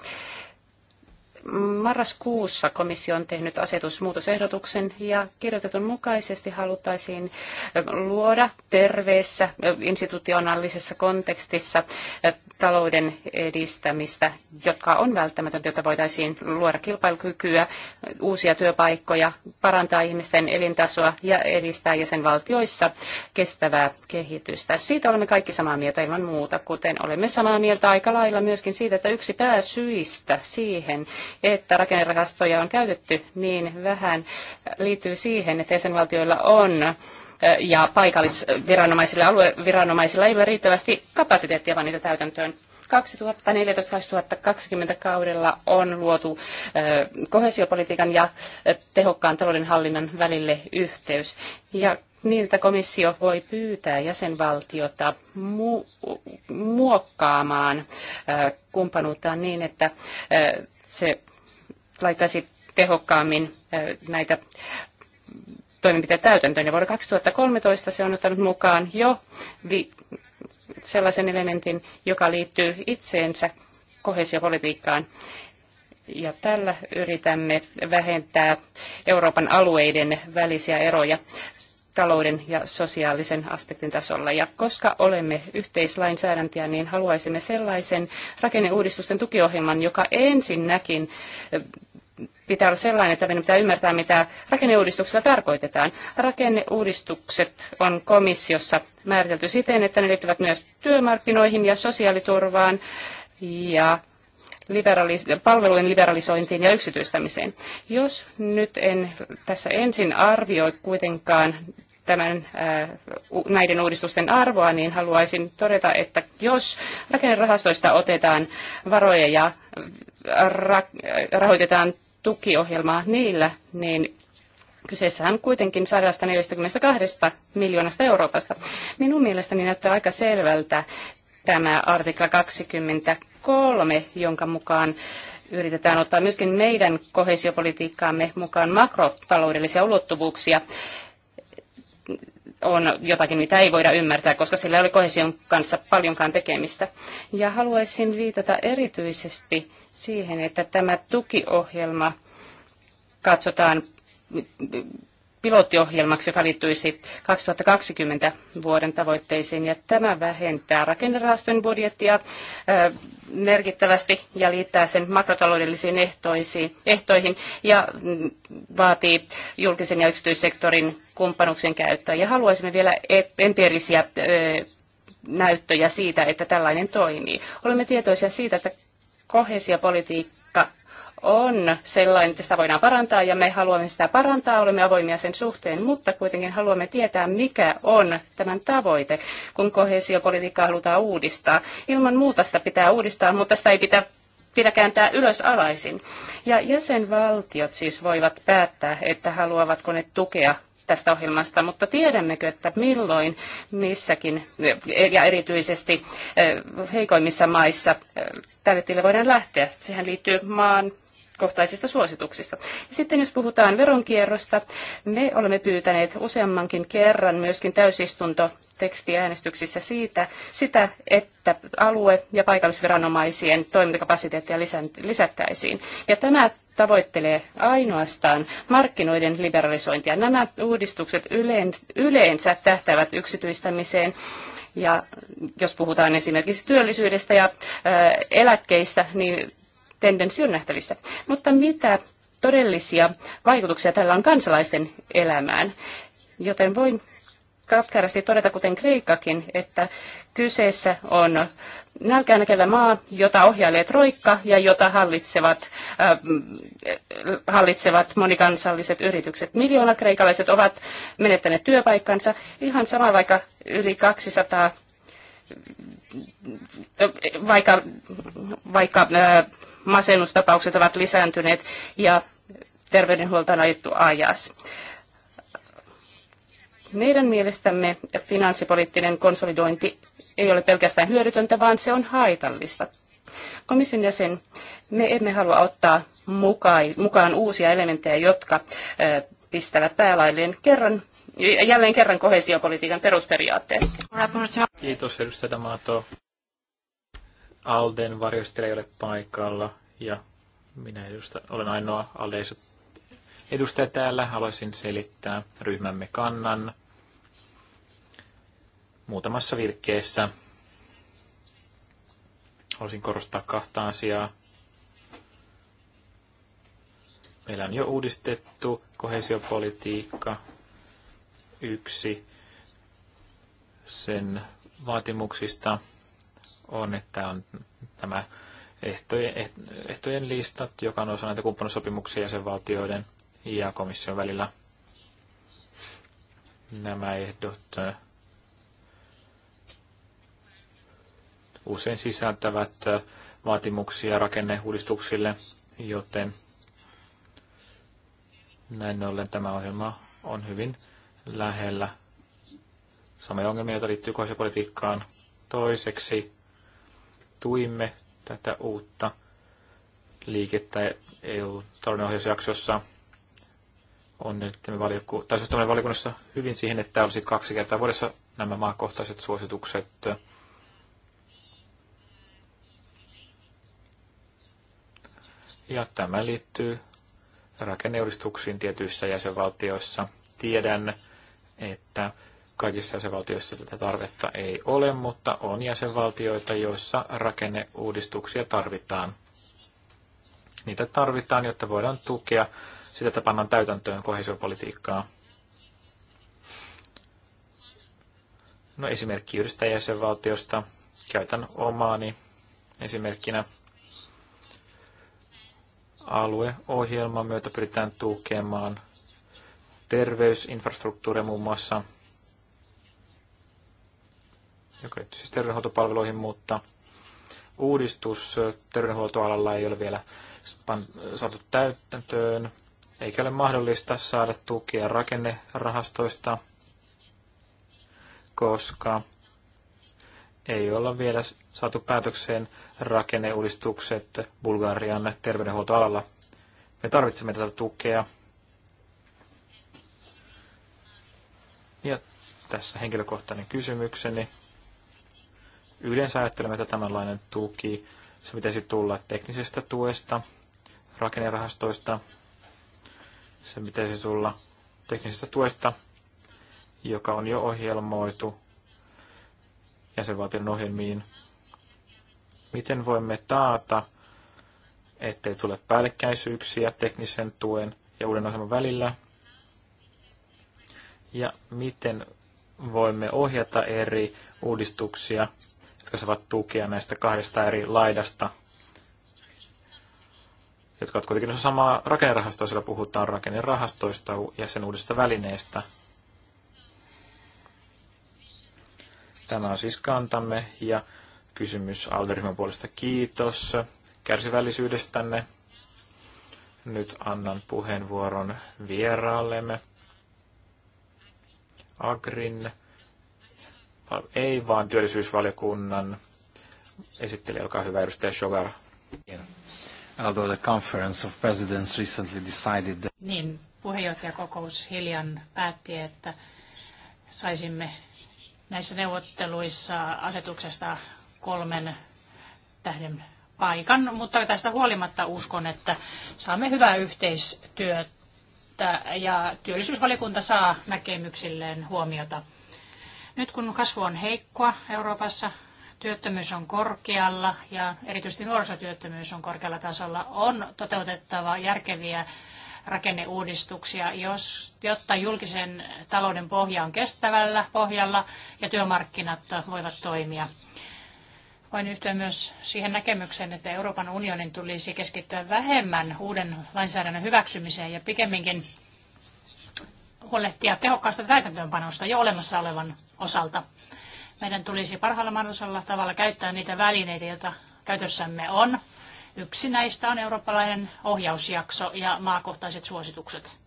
Speaker 1: Marraskuussa komissio on tehnyt asetusmuutosehdotuksen ja kirjoitetun mukaisesti haluttaisiin luoda terveessä institutionaalisessa kontekstissa talouden edistämistä, joka on välttämätöntä, jotta voitaisiin luoda kilpailukykyä, uusia työpaikkoja, parantaa ihmisten elintasoa ja edistää jäsenvaltioissa kestävää kehitystä. Siitä olemme kaikki samaa mieltä ilman muuta, kuten olemme samaa mieltä aika lailla myöskin siitä, että yksi pääsyistä siihen, että rakennerahastoja on käytetty niin vähän, liittyy siihen, että jäsenvaltioilla on ja paikallisviranomaisilla ja alueviranomaisilla ei ole riittävästi kapasiteettia vaan niitä täytäntöön 2014-2020 kaudella on luotu kohesiopolitiikan ja tehokkaan talouden hallinnan välille yhteys. Ja niiltä komissio voi pyytää jäsenvaltiota muokkaamaan kumppanuuttaan niin, että se laittaisi tehokkaammin näitä toimenpiteitä täytäntöön. Ja vuonna 2013 se on ottanut mukaan jo vi- sellaisen elementin, joka liittyy itseensä kohesiopolitiikkaan. Ja tällä yritämme vähentää Euroopan alueiden välisiä eroja talouden ja sosiaalisen aspektin tasolla. Ja koska olemme yhteislainsäädäntöjä, niin haluaisimme sellaisen rakenneuudistusten tukiohjelman, joka ensinnäkin pitää olla sellainen, että meidän pitää ymmärtää, mitä rakenneuudistuksella tarkoitetaan. Rakenneuudistukset on komissiossa määritelty siten, että ne liittyvät myös työmarkkinoihin ja sosiaaliturvaan ja liberalis- palvelujen liberalisointiin ja yksityistämiseen. Jos nyt en tässä ensin arvioi kuitenkaan tämän, näiden uudistusten arvoa, niin haluaisin todeta, että jos rakennerahastoista otetaan varoja ja rahoitetaan tukiohjelmaa niillä, niin Kyseessähän kuitenkin 142 miljoonasta Euroopasta. Minun mielestäni näyttää aika selvältä tämä artikla 23, jonka mukaan yritetään ottaa myöskin meidän kohesiopolitiikkaamme mukaan makrotaloudellisia ulottuvuuksia on jotakin, mitä ei voida ymmärtää, koska sillä oli kohesion kanssa paljonkaan tekemistä. Ja haluaisin viitata erityisesti siihen, että tämä tukiohjelma katsotaan pilottiohjelmaksi, joka liittyisi 2020 vuoden tavoitteisiin. Ja tämä vähentää rakennerahaston budjettia merkittävästi ja liittää sen makrotaloudellisiin ehtoisiin, ehtoihin ja vaatii julkisen ja yksityissektorin kumppanuksen käyttöä. Ja haluaisimme vielä e- empiirisiä näyttöjä siitä, että tällainen toimii. Olemme tietoisia siitä, että kohesiopolitiikka on sellainen, että sitä voidaan parantaa ja me haluamme sitä parantaa, olemme avoimia sen suhteen, mutta kuitenkin haluamme tietää, mikä on tämän tavoite, kun kohesiopolitiikkaa halutaan uudistaa. Ilman muuta sitä pitää uudistaa, mutta sitä ei pitää pidä kääntää ylös alaisin. Ja jäsenvaltiot siis voivat päättää, että haluavatko ne tukea tästä ohjelmasta, mutta tiedämmekö, että milloin missäkin ja erityisesti eh, heikoimmissa maissa eh, tälle voidaan lähteä. siihen liittyy maan kohtaisista suosituksista. Sitten jos puhutaan veronkierrosta, me olemme pyytäneet useammankin kerran myöskin täysistunto tekstiäänestyksissä siitä, sitä, että alue- ja paikallisviranomaisien toimintakapasiteettia lisättäisiin. Ja tämä tavoittelee ainoastaan markkinoiden liberalisointia. Nämä uudistukset yleensä tähtävät yksityistämiseen. Ja jos puhutaan esimerkiksi työllisyydestä ja eläkkeistä, niin tendenssi on nähtävissä. Mutta mitä todellisia vaikutuksia tällä on kansalaisten elämään? Joten voin katkerasti todeta, kuten Kreikkakin, että kyseessä on Nälkään näkevä maa, jota ohjailee troikka ja jota hallitsevat, äh, hallitsevat monikansalliset yritykset. Miljoonat kreikalaiset ovat menettäneet työpaikkansa ihan sama vaikka yli 200 vaikka, vaikka äh, masennustapaukset ovat lisääntyneet ja terveydenhuolto on ajettu ajas. Meidän mielestämme finanssipoliittinen konsolidointi ei ole pelkästään hyödytöntä, vaan se on haitallista. Komission jäsen, me emme halua ottaa mukaan uusia elementtejä, jotka pistävät päälailleen kerran, jälleen kerran kohesiopolitiikan perusperiaatteet.
Speaker 2: Kiitos edustaja Damato. Alden varjostelija ei ole paikalla ja minä edustan, olen ainoa Alden edustaja täällä. Haluaisin selittää ryhmämme kannan muutamassa virkkeessä. Haluaisin korostaa kahta asiaa. Meillä on jo uudistettu kohesiopolitiikka yksi sen vaatimuksista on, että on nämä ehtojen, eh, ehtojen listat, joka on osa näitä kumppanuussopimuksia jäsenvaltioiden ja komission välillä. Nämä ehdot usein sisältävät äh, vaatimuksia rakenneuudistuksille, joten näin ollen tämä ohjelma on hyvin lähellä samoja ongelmia, joita liittyy kohdallisuuspolitiikkaan. Toiseksi tuimme tätä uutta liikettä EU-taloudenohjausjaksossa onnellittemme valioku- tai siis valiokunnassa hyvin siihen, että olisi kaksi kertaa vuodessa nämä maakohtaiset suositukset ja tämä liittyy rakenneuudistuksiin tietyissä jäsenvaltioissa. Tiedän, että kaikissa jäsenvaltioissa tätä tarvetta ei ole, mutta on jäsenvaltioita, joissa rakenneuudistuksia tarvitaan. Niitä tarvitaan, jotta voidaan tukea sitä, että pannaan täytäntöön kohesiopolitiikkaa. No esimerkki yhdestä jäsenvaltiosta. Käytän omaani esimerkkinä alueohjelman myötä pyritään tukemaan terveysinfrastruktuuria muun muassa, joka liittyy siis terveydenhuoltopalveluihin, mutta uudistus terveydenhuoltoalalla ei ole vielä saatu täytäntöön, eikä ole mahdollista saada tukea rakennerahastoista, koska ei olla vielä saatu päätökseen rakenneuudistukset Bulgarian terveydenhuoltoalalla. Me tarvitsemme tätä tukea. Ja tässä henkilökohtainen kysymykseni. Yleensä ajattelemme, että tämänlainen tuki, se pitäisi tulla teknisestä tuesta, rakennerahastoista, se pitäisi tulla teknisestä tuesta, joka on jo ohjelmoitu jäsenvaltion ohjelmiin. Miten voimme taata, ettei tule päällekkäisyyksiä teknisen tuen ja uuden ohjelman välillä? Ja miten voimme ohjata eri uudistuksia, jotka saavat tukea näistä kahdesta eri laidasta, jotka ovat kuitenkin samaa rakennerahastoa, sillä puhutaan rakennerahastoista ja sen uudesta välineestä – Tämä on siis kantamme ja kysymys Alderyhmän puolesta kiitos kärsivällisyydestänne. Nyt annan puheenvuoron vieraallemme. Agrin, ei vaan työllisyysvaliokunnan esittelijä olkaa hyvä, edustaja Shogar. Although the conference of presidents recently decided
Speaker 3: that... Niin, puheenjohtajakokous hiljan päätti, että saisimme näissä neuvotteluissa asetuksesta kolmen tähden paikan, mutta tästä huolimatta uskon, että saamme hyvää yhteistyötä ja työllisyysvaliokunta saa näkemyksilleen huomiota. Nyt kun kasvu on heikkoa Euroopassa, työttömyys on korkealla ja erityisesti nuorisotyöttömyys on korkealla tasolla, on toteutettava järkeviä rakenneuudistuksia, jos, jotta julkisen talouden pohja on kestävällä pohjalla ja työmarkkinat voivat toimia. Voin yhtyä myös siihen näkemykseen, että Euroopan unionin tulisi keskittyä vähemmän uuden lainsäädännön hyväksymiseen ja pikemminkin huolehtia tehokkaasta täytäntöönpanosta jo olemassa olevan osalta. Meidän tulisi parhaalla mahdollisella tavalla käyttää niitä välineitä, joita käytössämme on Yksi näistä on eurooppalainen ohjausjakso ja maakohtaiset suositukset.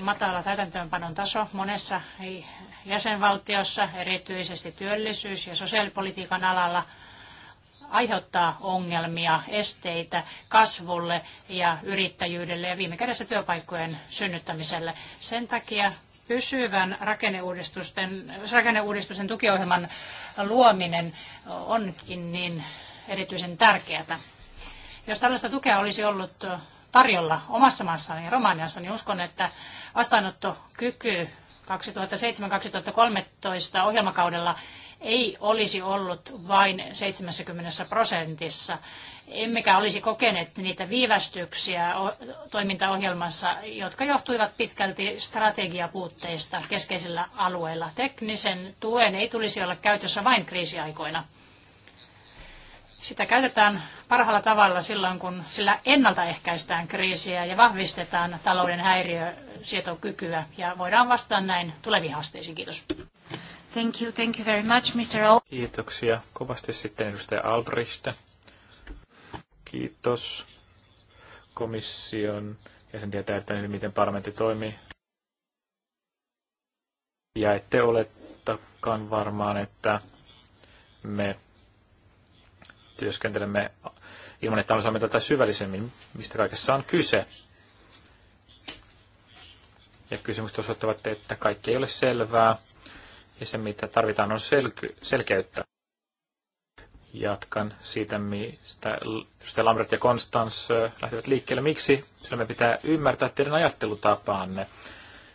Speaker 3: matala täytäntöönpanon taso monessa jäsenvaltiossa, erityisesti työllisyys- ja sosiaalipolitiikan alalla, aiheuttaa ongelmia, esteitä kasvulle ja yrittäjyydelle ja viime kädessä työpaikkojen synnyttämiselle. Sen takia pysyvän rakenneuudistusten, rakenneuudistusten tukiohjelman luominen onkin niin erityisen tärkeää. Jos tällaista tukea olisi ollut tarjolla omassa maassani ja Romaniassa, niin uskon, että vastaanottokyky 2007-2013 ohjelmakaudella ei olisi ollut vain 70 prosentissa emmekä olisi kokeneet niitä viivästyksiä toimintaohjelmassa, jotka johtuivat pitkälti strategiapuutteista keskeisillä alueilla. Teknisen tuen ei tulisi olla käytössä vain kriisiaikoina. Sitä käytetään parhaalla tavalla silloin, kun sillä ennaltaehkäistään kriisiä ja vahvistetaan talouden häiriösietokykyä ja voidaan vastata näin tuleviin haasteisiin. Kiitos.
Speaker 1: Thank you, thank you very much, Mr.
Speaker 2: Kiitoksia kovasti sitten edustaja Albrecht. Kiitos komission jäsen tietää, että miten parlamentti toimii. Ja ette olettakaan varmaan, että me työskentelemme ilman, että olemme tätä syvällisemmin, mistä kaikessa on kyse. Ja kysymykset osoittavat, että kaikki ei ole selvää, ja se mitä tarvitaan on selky- selkeyttä jatkan siitä, mistä edustaja Lambert ja Konstans lähtevät liikkeelle. Miksi? Sillä me pitää ymmärtää teidän ajattelutapaanne.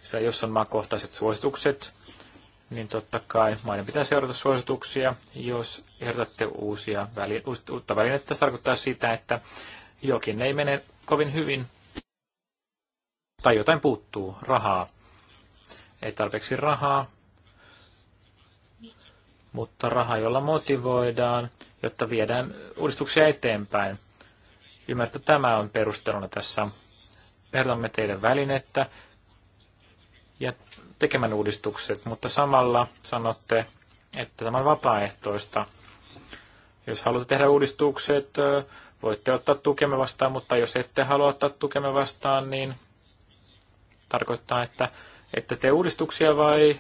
Speaker 2: Sillä jos on maakohtaiset suositukset, niin totta kai maiden pitää seurata suosituksia. Jos ehdotatte uusia väline, uutta välinettä, se tarkoittaa sitä, että jokin ei mene kovin hyvin tai jotain puuttuu, rahaa. Ei tarpeeksi rahaa, mutta raha, jolla motivoidaan jotta viedään uudistuksia eteenpäin. Ymmärrän, että tämä on perusteluna tässä. Ehdotamme teidän välinettä ja tekemään uudistukset, mutta samalla sanotte, että tämä on vapaaehtoista. Jos haluatte tehdä uudistukset, voitte ottaa tukemme vastaan, mutta jos ette halua ottaa tukemme vastaan, niin tarkoittaa, että ette tee uudistuksia vai...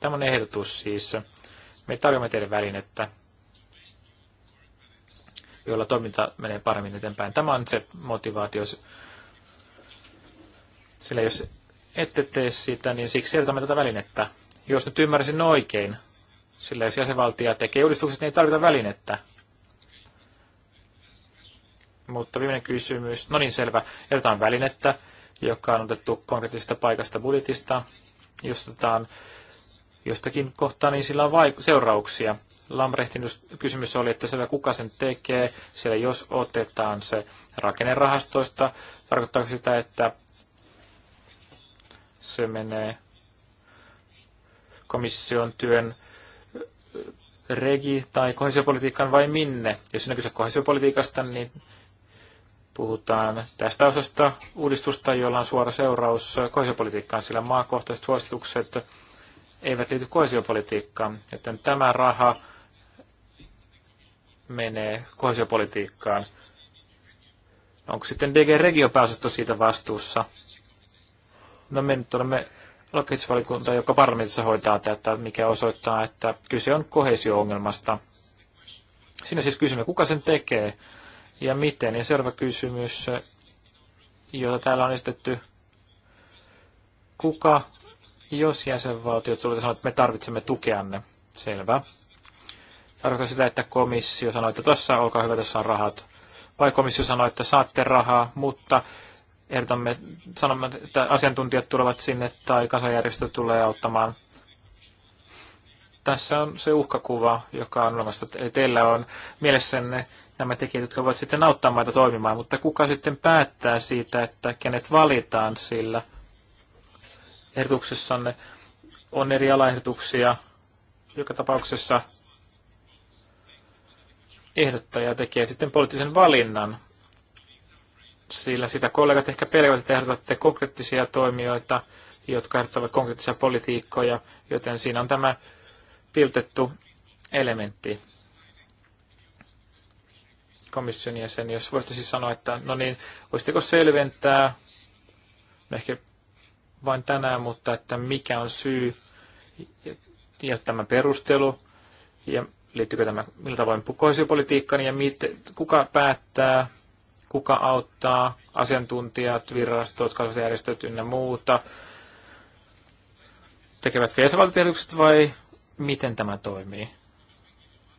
Speaker 2: Tämä on ehdotus siis. Me tarjoamme teille välinettä, jolla toiminta menee paremmin eteenpäin. Tämä on se motivaatio. Sillä jos ette tee sitä, niin siksi ehdotamme tätä välinettä. Jos nyt ymmärsin oikein, sillä jos jäsenvaltio tekee uudistukset, niin ei tarvita välinettä. Mutta viimeinen kysymys. No niin, selvä. Ehdotetaan välinettä, joka on otettu konkreettisesta paikasta budjetista, jos otetaan jostakin kohtaa, niin sillä on vaik- seurauksia. Lambrehtin kysymys oli, että siellä kuka sen tekee, siellä jos otetaan se rakennerahastoista, tarkoittaako sitä, että se menee komission työn regi- tai kohesiopolitiikkaan vai minne. Jos on kyse kohesiopolitiikasta, niin puhutaan tästä osasta uudistusta, jolla on suora seuraus kohesiopolitiikkaan, sillä maakohtaiset suositukset eivät liity koesiopolitiikkaan, joten tämä raha menee koesiopolitiikkaan. Onko sitten DG Regio pääosasto siitä vastuussa? No me nyt olemme lakitysvalikunta, joka parlamentissa hoitaa tätä, mikä osoittaa, että kyse on kohesio-ongelmasta. Siinä siis kysymme, kuka sen tekee ja miten. Ja selvä kysymys, jota täällä on esitetty, kuka jos jäsenvaltiot sulle sanoo, että me tarvitsemme tukeanne, selvä. Tarkoittaa sitä, että komissio sanoi, että tuossa olkaa hyvä, tässä on rahat. Vai komissio sanoi, että saatte rahaa, mutta ehdotamme, sanomme, että asiantuntijat tulevat sinne tai kansanjärjestö tulee auttamaan. Tässä on se uhkakuva, joka on olemassa. Eli teillä on mielessänne nämä tekijät, jotka voivat sitten auttaa maita toimimaan, mutta kuka sitten päättää siitä, että kenet valitaan sillä – ehdotuksessanne on eri alaehdotuksia. Joka tapauksessa ehdottaja tekee sitten poliittisen valinnan, sillä sitä kollegat ehkä pelkävät, että ehdotatte konkreettisia toimijoita, jotka ehdottavat konkreettisia politiikkoja, joten siinä on tämä piltettu elementti komission jäsen, jos voisitte siis sanoa, että no niin, voisitteko selventää, no ehkä vain tänään, mutta että mikä on syy ja tämä perustelu ja liittyykö tämä miltä tavoin kohesiopolitiikkaan ja mit, kuka päättää, kuka auttaa, asiantuntijat, virastot, kansalaisjärjestöt ynnä muuta. Tekevätkö jäsenvaltiot vai miten tämä toimii?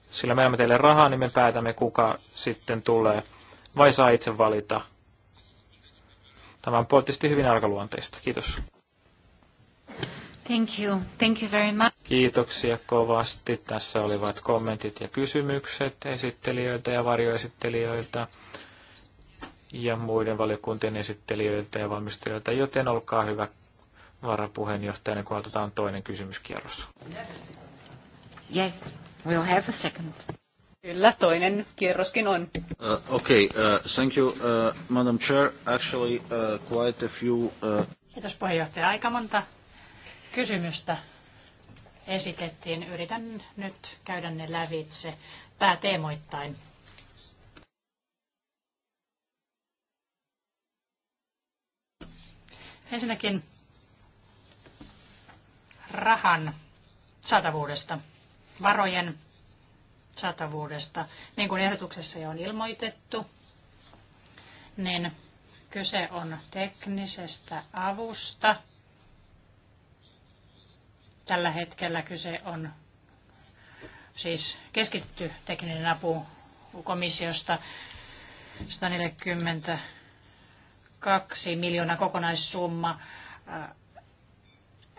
Speaker 2: Sillä me annamme teille rahaa, niin me päätämme, kuka sitten tulee. Vai saa itse valita? Tämä on poliittisesti hyvin arkaluonteista. Kiitos.
Speaker 1: Thank you. Thank you very much.
Speaker 2: Kiitoksia kovasti. Tässä olivat kommentit ja kysymykset esittelijöiltä ja varjoesittelijöiltä ja muiden valiokuntien esittelijöiltä ja valmistelijoilta, joten olkaa hyvä varapuheenjohtajana, kun otetaan toinen kysymyskierros.
Speaker 1: Yes, we'll have a second. Kyllä, toinen kierroskin on. Uh, okay, uh, thank you, uh, Madam Chair. Actually, uh, quite a few... Uh... Kiitos puheenjohtaja.
Speaker 3: Aika monta kysymystä esitettiin. Yritän nyt käydä ne lävitse pääteemoittain. Ensinnäkin rahan saatavuudesta, varojen saatavuudesta. Niin kuin ehdotuksessa jo on ilmoitettu, niin kyse on teknisestä avusta, Tällä hetkellä kyse on siis keskitty tekninen apu komissiosta 142 miljoonaa kokonaissumma.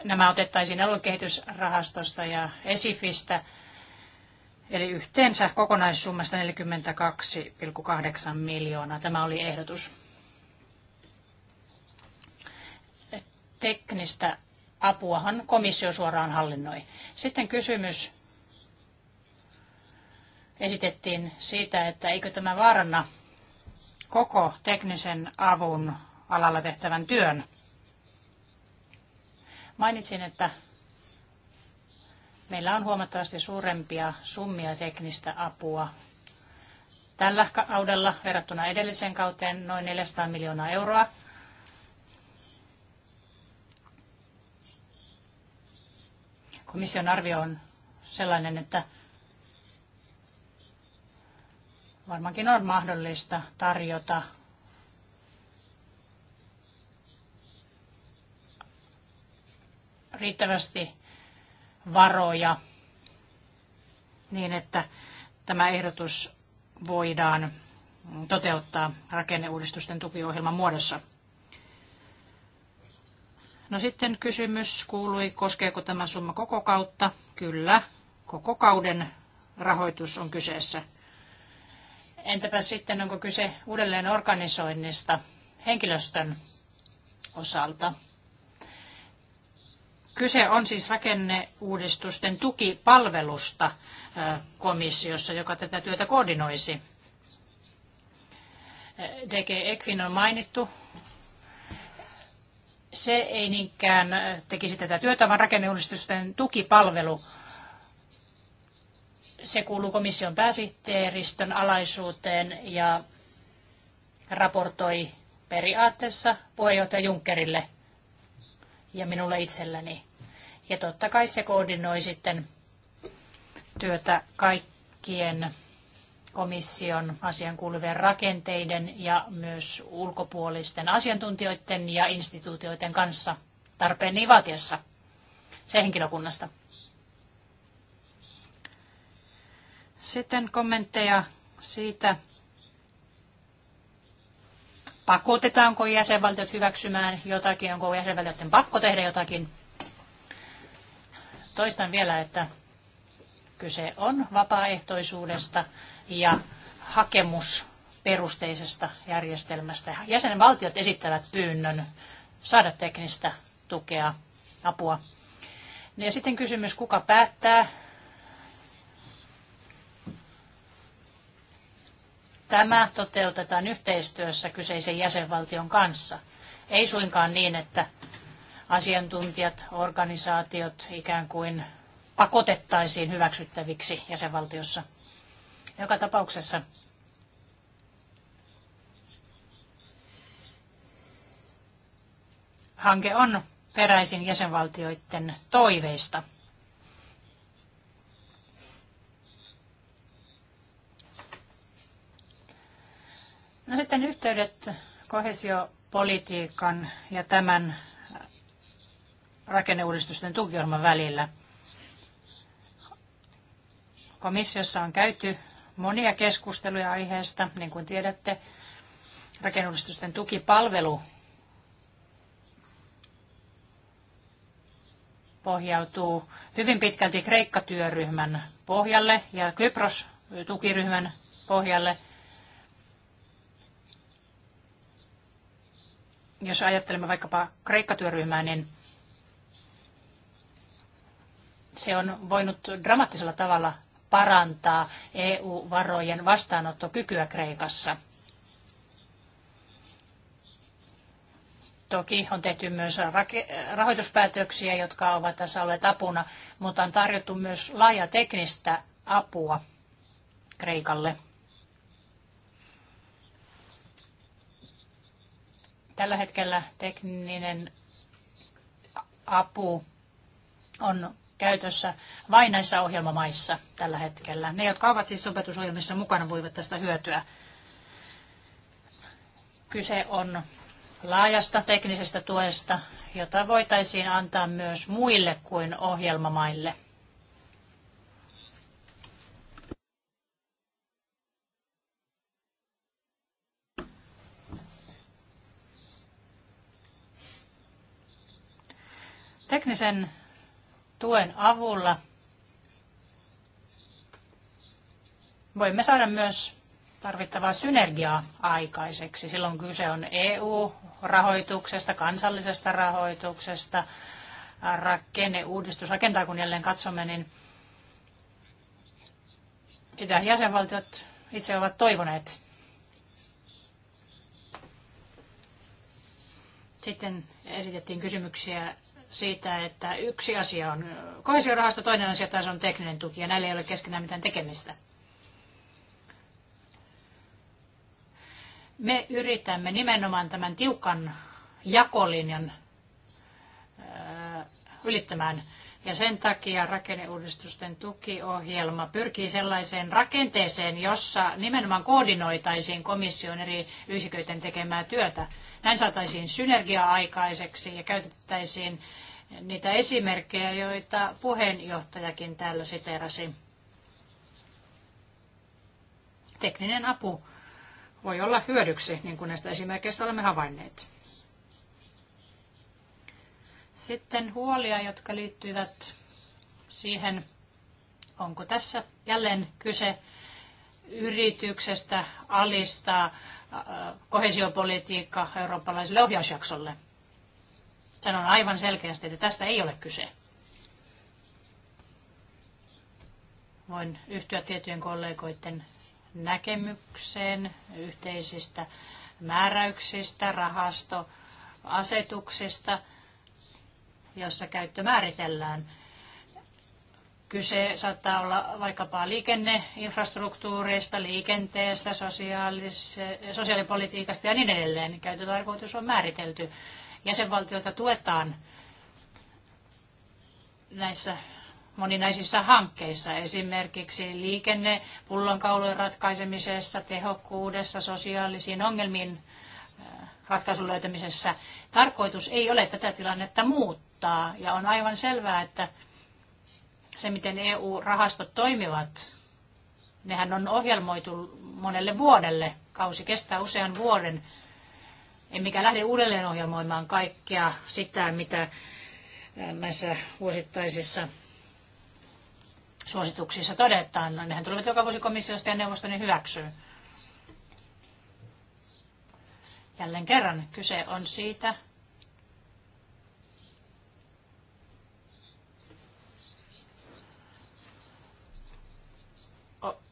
Speaker 3: Nämä otettaisiin aluekehitysrahastosta ja ESIFistä, eli yhteensä kokonaissummasta 42,8 miljoonaa. Tämä oli ehdotus. Teknistä apuahan komissio suoraan hallinnoi. Sitten kysymys esitettiin siitä, että eikö tämä vaaranna koko teknisen avun alalla tehtävän työn. Mainitsin, että meillä on huomattavasti suurempia summia teknistä apua tällä kaudella verrattuna edelliseen kauteen noin 400 miljoonaa euroa. komission arvio on sellainen, että varmaankin on mahdollista tarjota riittävästi varoja niin, että tämä ehdotus voidaan toteuttaa rakenneuudistusten tukiohjelman muodossa. No sitten kysymys kuului, koskeeko tämä summa koko kautta? Kyllä, koko kauden rahoitus on kyseessä. Entäpä sitten, onko kyse uudelleen organisoinnista henkilöstön osalta? Kyse on siis rakenneuudistusten tukipalvelusta komissiossa, joka tätä työtä koordinoisi. DG Equin on mainittu se ei niinkään äh, tekisi tätä työtä, vaan rakenneuudistusten tukipalvelu. Se kuuluu komission pääsihteeristön alaisuuteen ja raportoi periaatteessa puheenjohtaja Junckerille ja minulle itselläni. Ja totta kai se koordinoi sitten työtä kaikkien komission asian kuuluvien rakenteiden ja myös ulkopuolisten asiantuntijoiden ja instituutioiden kanssa tarpeen niin vaatiessa se henkilökunnasta. Sitten kommentteja siitä, pakotetaanko jäsenvaltiot hyväksymään jotakin, onko jäsenvaltioiden pakko tehdä jotakin. Toistan vielä, että kyse on vapaaehtoisuudesta ja hakemusperusteisesta järjestelmästä. Jäsenvaltiot esittävät pyynnön saada teknistä tukea, apua. Ja sitten kysymys, kuka päättää Tämä toteutetaan yhteistyössä kyseisen jäsenvaltion kanssa. Ei suinkaan niin, että asiantuntijat, organisaatiot ikään kuin pakotettaisiin hyväksyttäviksi jäsenvaltiossa. Joka tapauksessa hanke on peräisin jäsenvaltioiden toiveista. No sitten yhteydet kohesiopolitiikan ja tämän rakenneuudistusten tukiohjelman välillä. Komissiossa on käyty monia keskusteluja aiheesta, niin kuin tiedätte. Rakennustusten tukipalvelu pohjautuu hyvin pitkälti Kreikka-työryhmän pohjalle ja Kypros-tukiryhmän pohjalle. Jos ajattelemme vaikkapa Kreikka-työryhmää, niin se on voinut dramaattisella tavalla parantaa EU-varojen vastaanottokykyä Kreikassa. Toki on tehty myös rahoituspäätöksiä, jotka ovat tässä olleet apuna, mutta on tarjottu myös laaja teknistä apua Kreikalle. Tällä hetkellä tekninen apu on käytössä vain näissä ohjelmamaissa tällä hetkellä. Ne, jotka ovat siis opetusohjelmissa mukana, voivat tästä hyötyä. Kyse on laajasta teknisestä tuesta, jota voitaisiin antaa myös muille kuin ohjelmamaille. Teknisen tuen avulla voimme saada myös tarvittavaa synergiaa aikaiseksi. Silloin kyse on EU-rahoituksesta, kansallisesta rahoituksesta, rakenneuudistusagendaa, kun jälleen katsomme, niin sitä jäsenvaltiot itse ovat toivoneet. Sitten esitettiin kysymyksiä siitä, että yksi asia on kohesiorahasto, toinen asia taas on tekninen tuki, ja näillä ei ole keskenään mitään tekemistä. Me yritämme nimenomaan tämän tiukan jakolinjan ylittämään – ja sen takia rakenneuudistusten tukiohjelma pyrkii sellaiseen rakenteeseen, jossa nimenomaan koordinoitaisiin komission eri yksiköiden tekemää työtä. Näin saataisiin synergiaa aikaiseksi ja käytettäisiin niitä esimerkkejä, joita puheenjohtajakin täällä siterasi. Tekninen apu voi olla hyödyksi, niin kuin näistä esimerkkeistä olemme havainneet. Sitten huolia, jotka liittyvät siihen, onko tässä jälleen kyse yrityksestä alistaa kohesiopolitiikka eurooppalaiselle ohjausjaksolle. Sanon aivan selkeästi, että tästä ei ole kyse. Voin yhtyä tiettyjen kollegoiden näkemykseen yhteisistä määräyksistä, rahastoasetuksista – jossa käyttö määritellään. Kyse saattaa olla vaikkapa liikenneinfrastruktuureista, liikenteestä, sosiaalipolitiikasta ja niin edelleen. Käyttötarkoitus on määritelty. Jäsenvaltioita tuetaan näissä moninaisissa hankkeissa, esimerkiksi liikenne, pullonkaulojen ratkaisemisessa, tehokkuudessa, sosiaalisiin ongelmiin äh, ratkaisun löytämisessä. Tarkoitus ei ole tätä tilannetta muuttaa vaikuttaa. Ja on aivan selvää, että se, miten EU-rahastot toimivat, nehän on ohjelmoitu monelle vuodelle. Kausi kestää usean vuoden. Emmekä lähde uudelleen ohjelmoimaan kaikkea sitä, mitä näissä vuosittaisissa suosituksissa todetaan. No, nehän tulevat joka vuosi komissiosta ja neuvosto ne hyväksyy. Jälleen kerran kyse on siitä,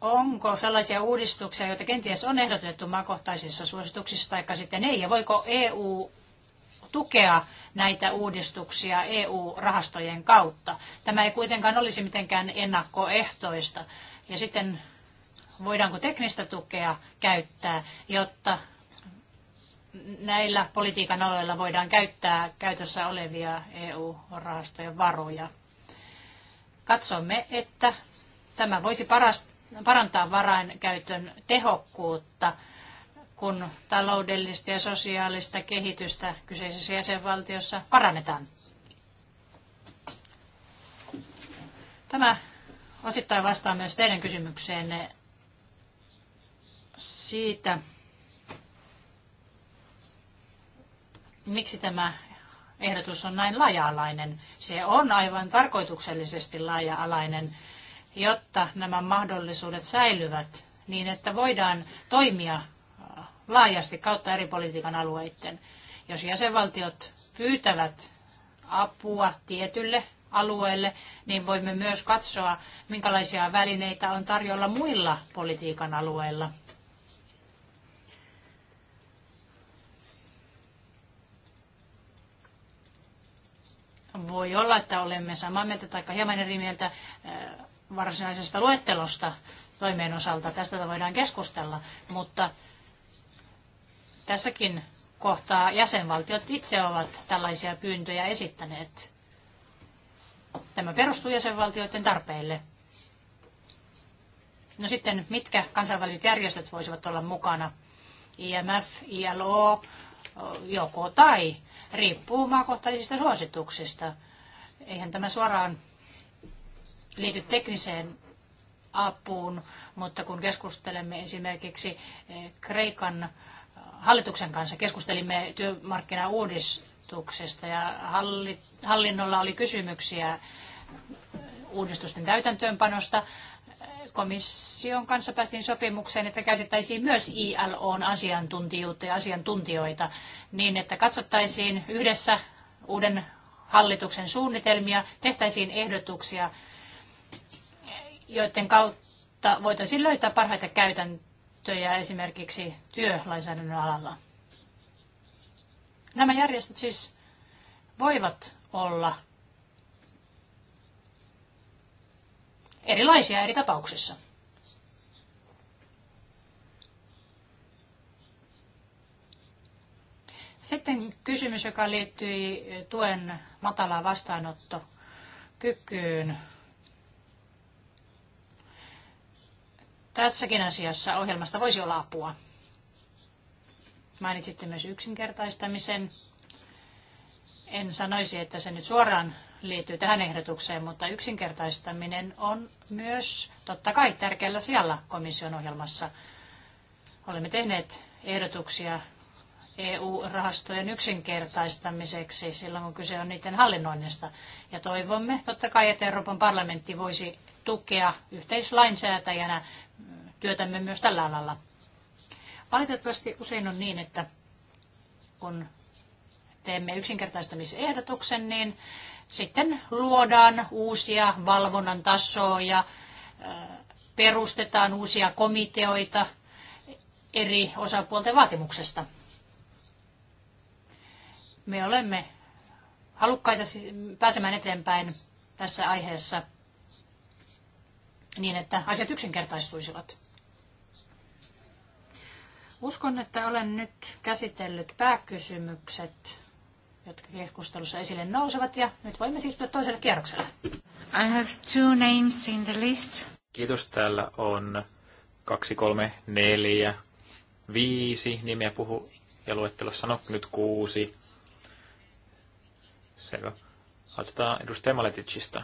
Speaker 3: onko sellaisia uudistuksia, joita kenties on ehdotettu maakohtaisissa suosituksissa tai sitten ei, ja voiko EU tukea näitä uudistuksia EU-rahastojen kautta. Tämä ei kuitenkaan olisi mitenkään ennakkoehtoista. Ja sitten voidaanko teknistä tukea käyttää, jotta näillä politiikan aloilla voidaan käyttää käytössä olevia EU-rahastojen varoja. Katsomme, että tämä voisi parasta parantaa varainkäytön tehokkuutta, kun taloudellista ja sosiaalista kehitystä kyseisessä jäsenvaltiossa parannetaan. Tämä osittain vastaa myös teidän kysymykseenne siitä, miksi tämä ehdotus on näin laaja-alainen. Se on aivan tarkoituksellisesti laaja-alainen jotta nämä mahdollisuudet säilyvät niin, että voidaan toimia äh, laajasti kautta eri politiikan alueiden. Jos jäsenvaltiot pyytävät apua tietylle alueelle, niin voimme myös katsoa, minkälaisia välineitä on tarjolla muilla politiikan alueilla. Voi olla, että olemme samaa mieltä tai hieman eri mieltä äh, varsinaisesta luettelosta toimeen osalta. Tästä voidaan keskustella, mutta tässäkin kohtaa jäsenvaltiot itse ovat tällaisia pyyntöjä esittäneet. Tämä perustuu jäsenvaltioiden tarpeille. No sitten, mitkä kansainväliset järjestöt voisivat olla mukana? IMF, ILO, joko tai, riippuu maakohtaisista suosituksista. Eihän tämä suoraan liity tekniseen apuun, mutta kun keskustelemme esimerkiksi eh, Kreikan eh, hallituksen kanssa, keskustelimme työmarkkinauudistuksesta ja hallinnolla oli kysymyksiä eh, uudistusten täytäntöönpanosta. Komission kanssa päätiin sopimukseen, että käytettäisiin myös ILOn asiantuntijuutta ja asiantuntijoita niin, että katsottaisiin yhdessä uuden hallituksen suunnitelmia, tehtäisiin ehdotuksia joiden kautta voitaisiin löytää parhaita käytäntöjä esimerkiksi työlainsäädännön alalla. Nämä järjestöt siis voivat olla erilaisia eri tapauksissa. Sitten kysymys, joka liittyi tuen matalaan vastaanottokykyyn. Tässäkin asiassa ohjelmasta voisi olla apua. Mainitsitte myös yksinkertaistamisen. En sanoisi, että se nyt suoraan liittyy tähän ehdotukseen, mutta yksinkertaistaminen on myös totta kai tärkeällä sijalla komission ohjelmassa. Olemme tehneet ehdotuksia EU-rahastojen yksinkertaistamiseksi silloin, kun kyse on niiden hallinnoinnista. Ja toivomme totta kai, että Euroopan parlamentti voisi tukea yhteislainsäätäjänä mm, työtämme myös tällä alalla. Valitettavasti usein on niin, että kun teemme yksinkertaistamisehdotuksen, niin sitten luodaan uusia valvonnan tasoja, äh, perustetaan uusia komiteoita eri osapuolten vaatimuksesta. Me olemme halukkaita siis pääsemään eteenpäin tässä aiheessa niin, että asiat yksinkertaistuisivat. Uskon, että olen nyt käsitellyt pääkysymykset, jotka keskustelussa esille nousevat, ja nyt voimme siirtyä toiselle kierrokselle. I have two names in the list.
Speaker 2: Kiitos, täällä on kaksi, kolme, neljä, viisi nimeä puhu ja luettelossa, no nyt kuusi. Selvä. Otetaan edustaja Maleticista.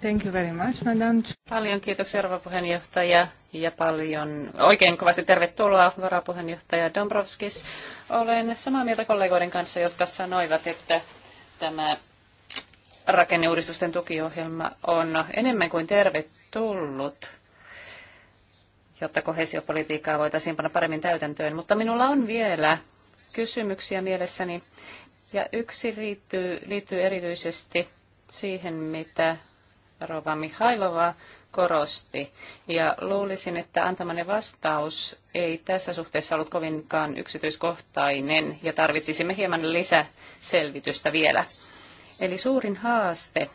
Speaker 1: Thank you very much, madam. Paljon kiitoksia, rouva puheenjohtaja, ja paljon oikein kovasti tervetuloa, varapuheenjohtaja Dombrovskis. Olen samaa mieltä kollegoiden kanssa, jotka sanoivat, että tämä rakenneuudistusten tukiohjelma on enemmän kuin tervetullut, jotta kohesiopolitiikkaa voitaisiin panna paremmin täytäntöön. Mutta minulla on vielä kysymyksiä mielessäni ja yksi liittyy, liittyy erityisesti siihen, mitä Rova Mihailova korosti. Ja luulisin, että antamanne vastaus ei tässä suhteessa ollut kovinkaan yksityiskohtainen ja tarvitsisimme hieman lisäselvitystä vielä. Eli suurin haaste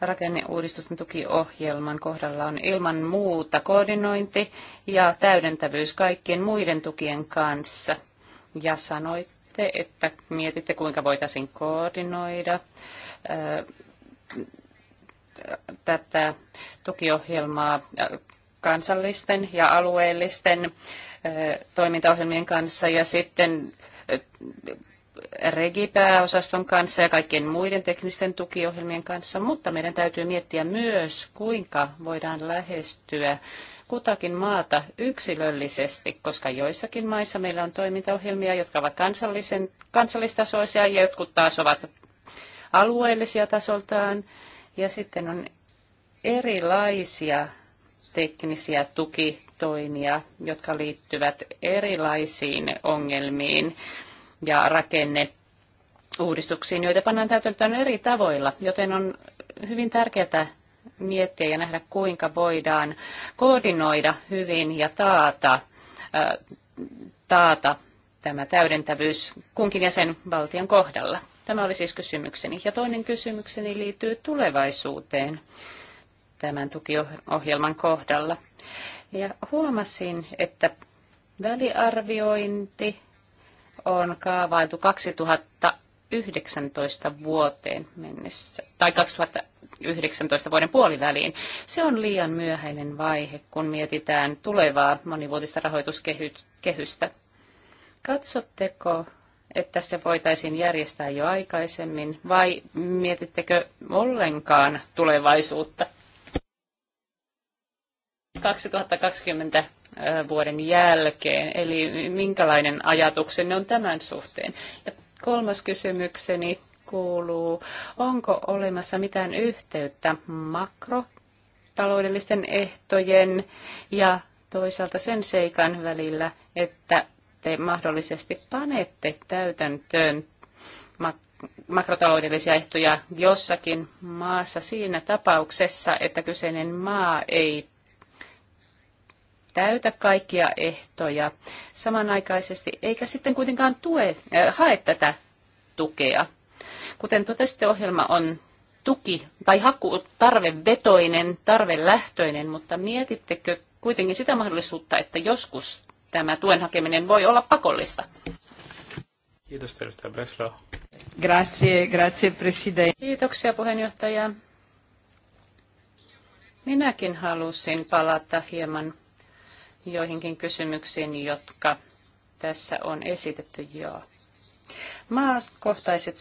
Speaker 1: rakenneuudistusten tukiohjelman kohdalla on ilman muuta koordinointi ja täydentävyys kaikkien muiden tukien kanssa. Ja sanoit sitten, että mietitte, kuinka voitaisiin koordinoida äh, tätä tukiohjelmaa äh, kansallisten ja alueellisten äh, toimintaohjelmien kanssa ja sitten regipääosaston kanssa ja kaikkien muiden teknisten tukiohjelmien kanssa, mutta meidän täytyy miettiä myös, kuinka voidaan lähestyä kutakin maata yksilöllisesti, koska joissakin maissa meillä on toimintaohjelmia, jotka ovat kansallisen, kansallistasoisia ja jotkut taas ovat alueellisia tasoltaan. Ja sitten on erilaisia teknisiä tukitoimia, jotka liittyvät erilaisiin ongelmiin ja rakenne uudistuksiin, joita pannaan täytäntöön eri tavoilla, joten on hyvin tärkeää miettiä ja nähdä, kuinka voidaan koordinoida hyvin ja taata, taata tämä täydentävyys kunkin jäsenvaltion kohdalla. Tämä oli siis kysymykseni. Ja toinen kysymykseni liittyy tulevaisuuteen tämän tukiohjelman kohdalla. Ja huomasin, että väliarviointi on kaavailtu 2000 2019 vuoteen mennessä, tai 2019 vuoden puoliväliin. Se on liian myöhäinen vaihe, kun mietitään tulevaa monivuotista rahoituskehystä. Katsotteko, että se voitaisiin järjestää jo aikaisemmin, vai mietittekö ollenkaan tulevaisuutta? 2020 vuoden jälkeen, eli minkälainen ajatuksenne on tämän suhteen. Ja Kolmas kysymykseni kuuluu, onko olemassa mitään yhteyttä makrotaloudellisten ehtojen ja toisaalta sen seikan välillä, että te mahdollisesti panette täytäntöön makrotaloudellisia ehtoja jossakin maassa siinä tapauksessa, että kyseinen maa ei täytä kaikkia ehtoja samanaikaisesti, eikä sitten kuitenkaan tue, äh, hae tätä tukea. Kuten totesitte, ohjelma on tuki tai haku tarvevetoinen, tarvelähtöinen, mutta mietittekö kuitenkin sitä mahdollisuutta, että joskus tämä tuen hakeminen voi olla pakollista?
Speaker 2: Kiitos, edustaja Breslau.
Speaker 1: Grazie, grazie, presidente. Kiitoksia, puheenjohtaja. Minäkin halusin palata hieman joihinkin kysymyksiin, jotka tässä on esitetty jo. Maakohtaiset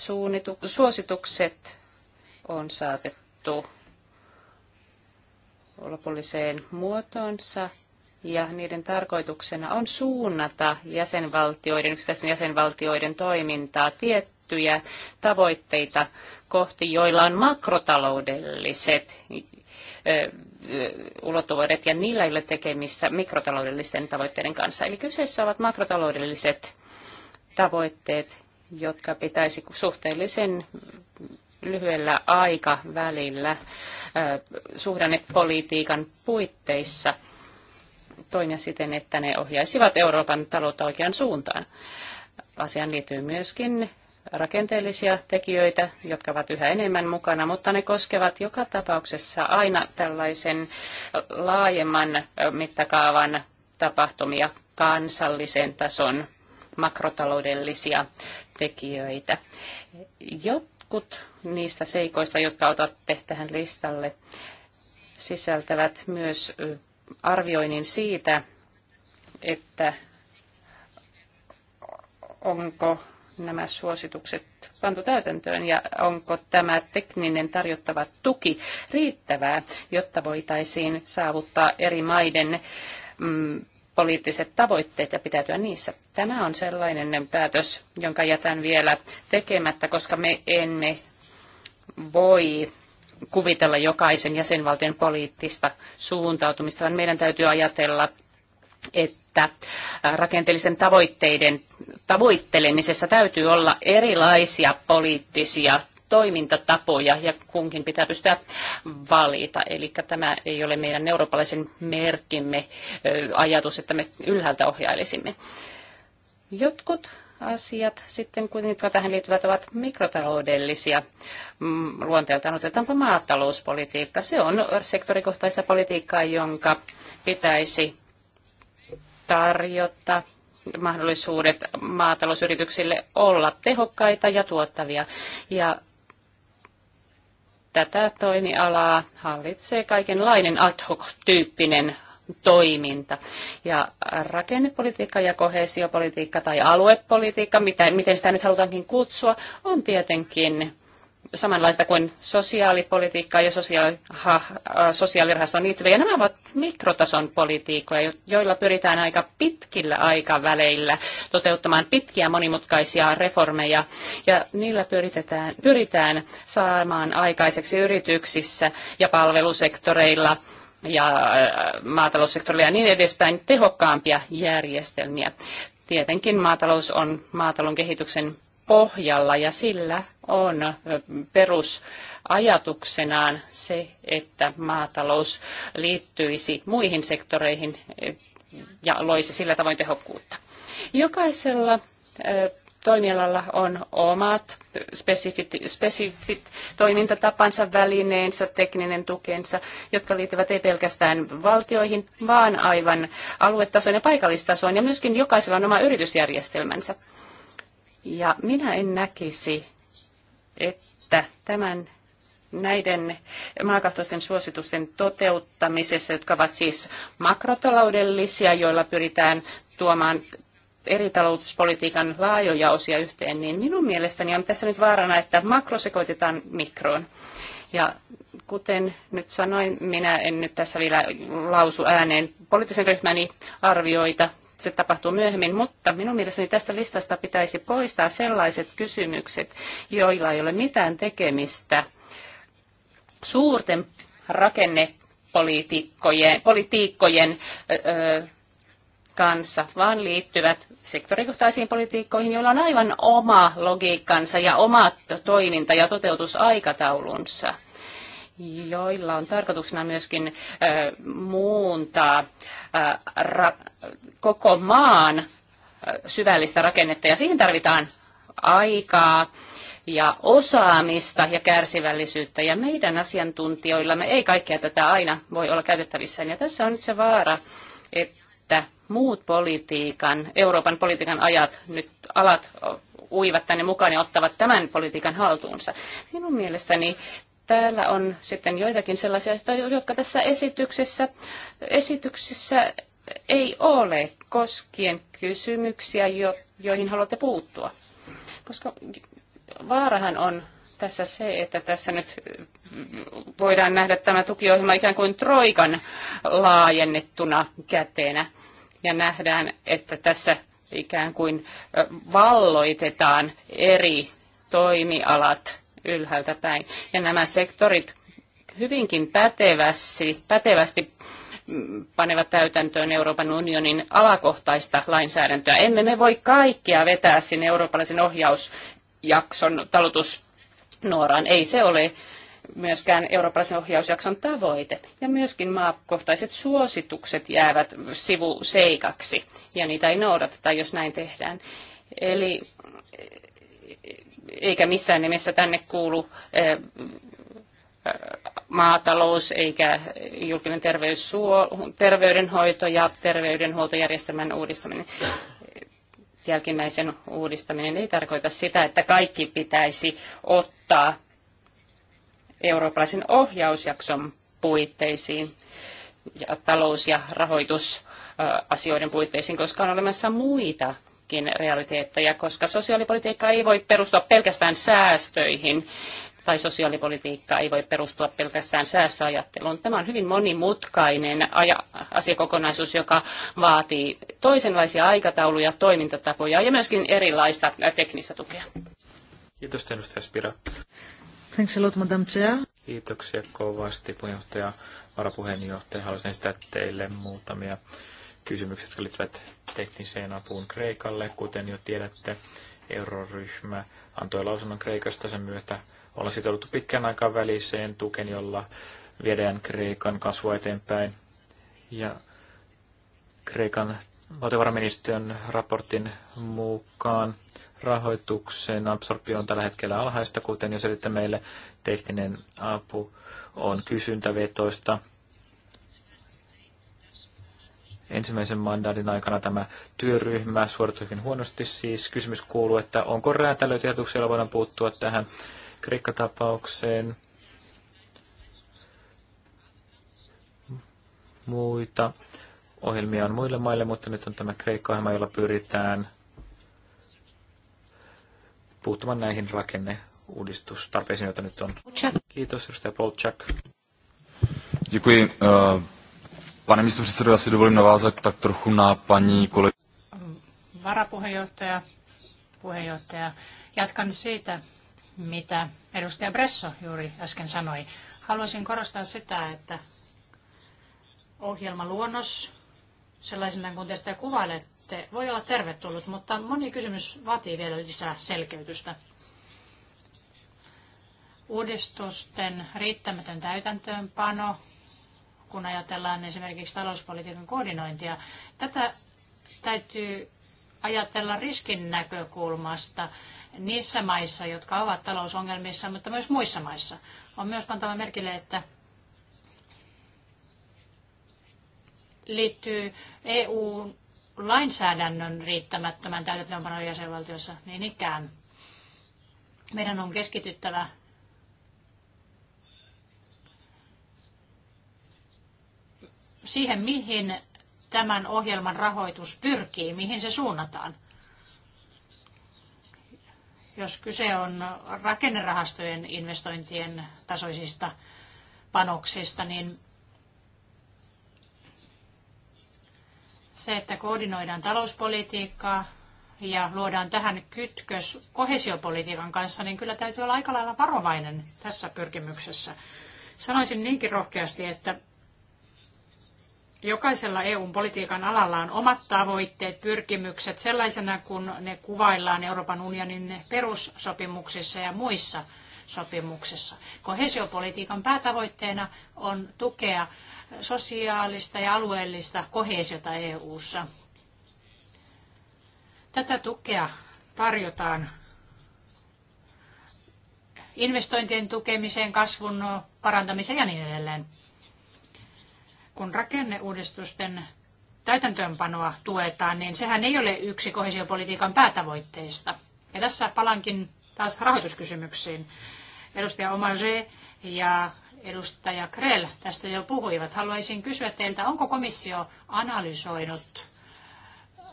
Speaker 1: suositukset on saatettu lopulliseen muotoonsa ja niiden tarkoituksena on suunnata jäsenvaltioiden, yksittäisten jäsenvaltioiden toimintaa tiettyjä tavoitteita kohti, joilla on makrotaloudelliset ulottuvuudet ja niillä ei ole tekemistä mikrotaloudellisten tavoitteiden kanssa. Eli kyseessä ovat makrotaloudelliset tavoitteet, jotka pitäisi suhteellisen lyhyellä aikavälillä suhdannepolitiikan puitteissa toimia siten, että ne ohjaisivat Euroopan taloutta oikeaan suuntaan. Asiaan liittyy myöskin rakenteellisia tekijöitä, jotka ovat yhä enemmän mukana, mutta ne koskevat joka tapauksessa aina tällaisen laajemman mittakaavan tapahtumia kansallisen tason makrotaloudellisia tekijöitä. Jotkut niistä seikoista, jotka otatte tähän listalle, sisältävät myös arvioinnin siitä, että onko nämä suositukset pantu täytäntöön ja onko tämä tekninen tarjottava tuki riittävää, jotta voitaisiin saavuttaa eri maiden mm, poliittiset tavoitteet ja pitäytyä niissä. Tämä on sellainen päätös, jonka jätän vielä tekemättä, koska me emme voi kuvitella jokaisen jäsenvaltion poliittista suuntautumista, vaan meidän täytyy ajatella että rakenteellisen tavoitteiden tavoittelemisessa täytyy olla erilaisia poliittisia toimintatapoja ja kunkin pitää pystyä valita. Eli tämä ei ole meidän eurooppalaisen merkimme ajatus, että me ylhäältä ohjailisimme. Jotkut asiat sitten, kun, jotka tähän liittyvät, ovat mikrotaloudellisia mm, luonteeltaan. Otetaanpa maatalouspolitiikka. Se on sektorikohtaista politiikkaa, jonka pitäisi tarjota mahdollisuudet maatalousyrityksille olla tehokkaita ja tuottavia. Ja tätä toimialaa hallitsee kaikenlainen ad hoc-tyyppinen toiminta. Ja rakennepolitiikka ja kohesiopolitiikka tai aluepolitiikka, miten sitä nyt halutaankin kutsua, on tietenkin samanlaista kuin sosiaalipolitiikkaa ja sosiaali, ha, sosiaalirahastoon liittyviä. nämä ovat mikrotason politiikkoja, joilla pyritään aika pitkillä aikaväleillä toteuttamaan pitkiä monimutkaisia reformeja. Ja niillä pyritetään, pyritään saamaan aikaiseksi yrityksissä ja palvelusektoreilla ja maataloussektorilla ja niin edespäin tehokkaampia järjestelmiä. Tietenkin maatalous on maatalon kehityksen pohjalla ja sillä on perus ajatuksenaan se, että maatalous liittyisi muihin sektoreihin ja loisi sillä tavoin tehokkuutta. Jokaisella toimialalla on omat spesifit, spesifit toimintatapansa, välineensä, tekninen tukensa, jotka liittyvät ei pelkästään valtioihin, vaan aivan aluetasoon ja paikallistasoon, ja myöskin jokaisella on oma yritysjärjestelmänsä. Ja minä en näkisi, että tämän näiden maakahtoisten suositusten toteuttamisessa, jotka ovat siis makrotaloudellisia, joilla pyritään tuomaan eri talouspolitiikan laajoja osia yhteen, niin minun mielestäni on tässä nyt vaarana, että makro sekoitetaan mikroon. Ja kuten nyt sanoin, minä en nyt tässä vielä lausu ääneen poliittisen ryhmäni arvioita se tapahtuu myöhemmin, mutta minun mielestäni tästä listasta pitäisi poistaa sellaiset kysymykset, joilla ei ole mitään tekemistä suurten rakennepolitiikkojen politiikkojen, öö, kanssa, vaan liittyvät sektorikohtaisiin politiikkoihin, joilla on aivan oma logiikkansa ja omat toiminta- ja toteutusaikataulunsa joilla on tarkoituksena myöskin ö, muuntaa koko maan syvällistä rakennetta ja siihen tarvitaan aikaa ja osaamista ja kärsivällisyyttä. Ja meidän asiantuntijoillamme ei kaikkea tätä aina voi olla käytettävissä. Ja tässä on nyt se vaara, että muut politiikan, Euroopan politiikan ajat, nyt alat uivat tänne mukaan ja ottavat tämän politiikan haltuunsa. Minun mielestäni Täällä on sitten joitakin sellaisia, jotka tässä esityksessä, esityksessä ei ole koskien kysymyksiä, jo, joihin haluatte puuttua. Koska vaarahan on tässä se, että tässä nyt voidaan nähdä tämä tukiohjelma ikään kuin troikan laajennettuna käteenä. Ja nähdään, että tässä ikään kuin valloitetaan eri toimialat ylhäältä päin. Ja nämä sektorit hyvinkin pätevästi, pätevästi panevat täytäntöön Euroopan unionin alakohtaista lainsäädäntöä. Emme me voi kaikkia vetää sinne eurooppalaisen ohjausjakson talutusnuoraan. Ei se ole myöskään eurooppalaisen ohjausjakson tavoite. Ja myöskin maakohtaiset suositukset jäävät sivuseikaksi ja niitä ei noudateta, jos näin tehdään. Eli eikä missään nimessä tänne kuulu eh, maatalous eikä julkinen terveys, terveydenhoito ja terveydenhuoltojärjestelmän uudistaminen. Jälkimmäisen uudistaminen ei tarkoita sitä, että kaikki pitäisi ottaa eurooppalaisen ohjausjakson puitteisiin ja talous- ja rahoitusasioiden puitteisiin, koska on olemassa muita muitakin realiteetteja, koska sosiaalipolitiikka ei voi perustua pelkästään säästöihin tai sosiaalipolitiikka ei voi perustua pelkästään säästöajatteluun. Tämä on hyvin monimutkainen asiakokonaisuus, joka vaatii toisenlaisia aikatauluja, toimintatapoja ja myöskin erilaista teknistä tukea.
Speaker 2: Kiitos, edustaja Spira.
Speaker 3: Thanks a lot, Chair.
Speaker 2: Kiitoksia kovasti, puheenjohtaja, varapuheenjohtaja. Haluaisin esittää teille muutamia kysymykset, jotka liittyvät tekniseen apuun Kreikalle. Kuten jo tiedätte, euroryhmä antoi lausunnon Kreikasta sen myötä. Ollaan sitouduttu pitkän aikaa väliseen tuken, jolla viedään Kreikan kasvua eteenpäin. Ja Kreikan valtiovarainministeriön raportin mukaan rahoituksen absorptio on tällä hetkellä alhaista, kuten jo selittää meille, tekninen apu on kysyntävetoista ensimmäisen mandaatin aikana tämä työryhmä suorittui hyvin huonosti. Siis kysymys kuuluu, että onko räätälöity joilla voidaan puuttua tähän Kreikka-tapaukseen. Muita ohjelmia on muille maille, mutta nyt on tämä Kreikka-ohjelma, jolla pyritään puuttumaan näihin rakenneuudistustarpeisiin, joita nyt on. Kiitos, edustaja Polchak.
Speaker 3: Děkuji. Uh...
Speaker 2: Pane místo předsedo, já si dovolím navázat tak trochu na paní kolegu.
Speaker 3: Varapuheenjohtaja, puheenjohtaja, jatkan siitä, mitä edustaja Bresso juuri äsken sanoi. Haluaisin korostaa sitä, että ohjelmaluonnos sellaisena kuin te sitä kuvailette, voi olla tervetullut, mutta moni kysymys vaatii vielä lisää selkeytystä. Uudistusten riittämätön täytäntöönpano, kun ajatellaan esimerkiksi talouspolitiikan koordinointia. Tätä täytyy ajatella riskin näkökulmasta niissä maissa, jotka ovat talousongelmissa, mutta myös muissa maissa. On myös pantava merkille, että liittyy EU-lainsäädännön riittämättömän täytäntöönpanon jäsenvaltiossa niin ikään. Meidän on keskityttävä siihen, mihin tämän ohjelman rahoitus pyrkii, mihin se suunnataan. Jos kyse on rakennerahastojen investointien tasoisista panoksista, niin se, että koordinoidaan talouspolitiikkaa ja luodaan tähän kytkös kohesiopolitiikan kanssa, niin kyllä täytyy olla aika lailla varovainen tässä pyrkimyksessä. Sanoisin niinkin rohkeasti, että Jokaisella EUn politiikan alalla on omat tavoitteet, pyrkimykset sellaisena, kun ne kuvaillaan Euroopan unionin perussopimuksissa ja muissa sopimuksissa. Kohesiopolitiikan päätavoitteena on tukea sosiaalista ja alueellista kohesiota EU:ssa. Tätä tukea tarjotaan investointien tukemiseen, kasvun parantamiseen ja niin edelleen kun rakenneuudistusten täytäntöönpanoa tuetaan, niin sehän ei ole yksi kohesiopolitiikan päätavoitteista. Ja tässä palankin taas rahoituskysymyksiin. Edustaja Omage ja edustaja Krell tästä jo puhuivat. Haluaisin kysyä teiltä, onko komissio analysoinut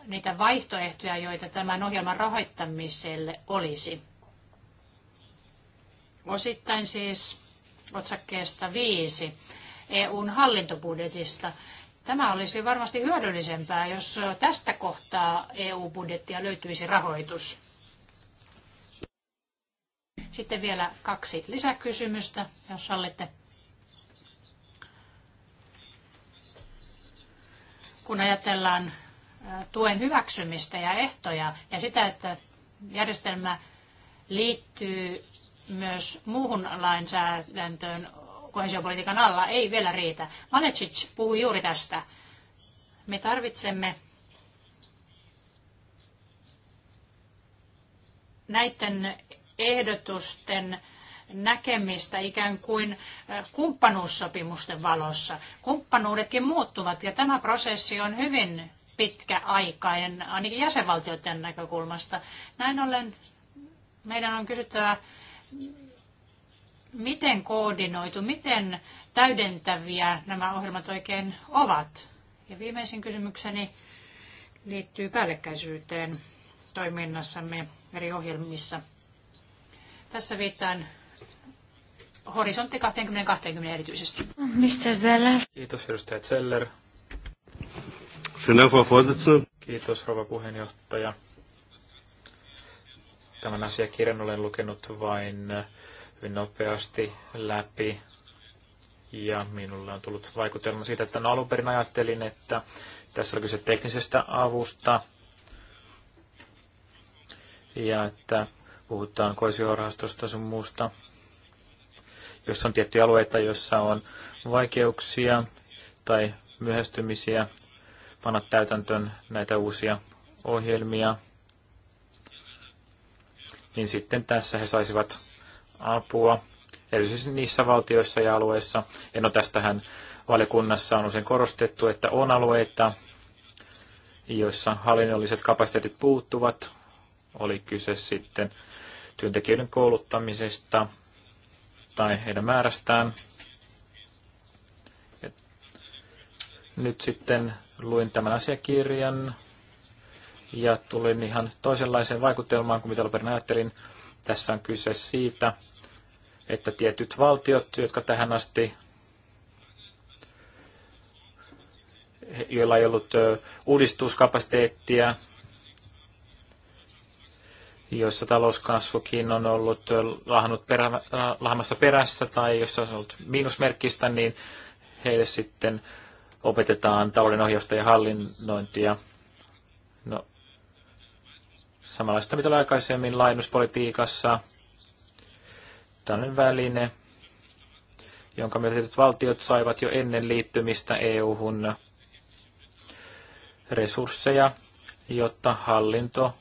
Speaker 3: niitä vaihtoehtoja, joita tämän ohjelman rahoittamiselle olisi? Osittain siis otsakkeesta viisi EUn hallintobudjetista. Tämä olisi varmasti hyödyllisempää, jos tästä kohtaa EU-budjettia löytyisi rahoitus. Sitten vielä kaksi lisäkysymystä, jos sallitte. Kun ajatellaan tuen hyväksymistä ja ehtoja ja sitä, että järjestelmä liittyy myös muuhun lainsäädäntöön, kohesiopolitiikan alla ei vielä riitä. Malecic puhui juuri tästä. Me tarvitsemme näiden ehdotusten näkemistä ikään kuin eh, kumppanuussopimusten valossa. Kumppanuudetkin muuttuvat ja tämä prosessi on hyvin pitkäaikainen, ainakin jäsenvaltioiden näkökulmasta. Näin ollen meidän on kysyttävä, miten koordinoitu, miten täydentäviä nämä ohjelmat oikein ovat? Ja viimeisin kysymykseni liittyy päällekkäisyyteen toiminnassamme eri ohjelmissa. Tässä viittaan horisontti 2020 erityisesti. Mr. Zeller.
Speaker 2: Kiitos edustaja Zeller. Kiitos rouva puheenjohtaja. Tämän asiakirjan olen lukenut vain hyvin nopeasti läpi. Ja minulle on tullut vaikutelma siitä, että no alun perin ajattelin, että tässä on kyse teknisestä avusta. Ja että puhutaan koisiorahastosta sun muusta, jos on tiettyjä alueita, joissa on vaikeuksia tai myöhästymisiä panna täytäntöön näitä uusia ohjelmia, niin sitten tässä he saisivat apua, erityisesti niissä valtioissa ja alueissa. Ja no tästähän valiokunnassa on usein korostettu, että on alueita, joissa hallinnolliset kapasiteetit puuttuvat. Oli kyse sitten työntekijöiden kouluttamisesta tai heidän määrästään. Nyt sitten luin tämän asiakirjan ja tulin ihan toisenlaiseen vaikutelmaan kuin mitä alun ajattelin. Tässä on kyse siitä, että tietyt valtiot, jotka tähän asti, joilla ei ollut uudistuskapasiteettia, joissa talouskasvukin on ollut lahnut perä, lahmassa perässä tai jossa on ollut miinusmerkkistä, niin heille sitten opetetaan talouden ohjausta ja hallinnointia Samanlaista mitä oli aikaisemmin lainuspolitiikassa. Tällainen väline, jonka myötä valtiot saivat jo ennen liittymistä EU-hun resursseja, jotta hallinto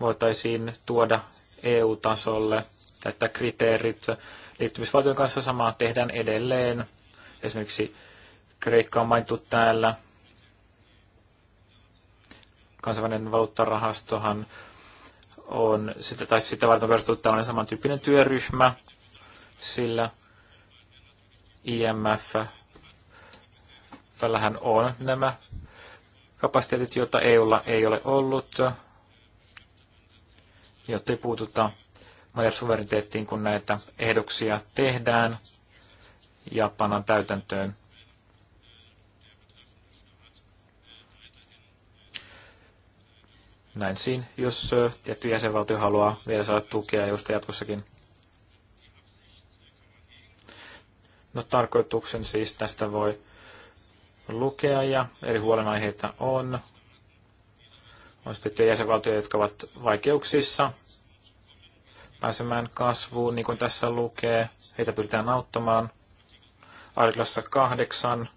Speaker 2: voitaisiin tuoda EU-tasolle, että kriteerit liittymisvaltion kanssa samaa tehdään edelleen. Esimerkiksi Kreikka on mainittu täällä, kansainvälinen valuuttarahastohan on, sitä, tai sitä varten perustettu tällainen samantyyppinen työryhmä, sillä IMF, tällähän on nämä kapasiteetit, joita EUlla ei ole ollut, jotta ei puututa meidän suvereniteettiin, kun näitä ehdoksia tehdään ja pannaan täytäntöön näin siinä, jos tietty jäsenvaltio haluaa vielä saada tukea just jatkossakin. No tarkoituksen siis tästä voi lukea ja eri huolenaiheita on. On sitten jäsenvaltioita, jotka ovat vaikeuksissa pääsemään kasvuun, niin kuin tässä lukee. Heitä pyritään auttamaan. Artiklassa kahdeksan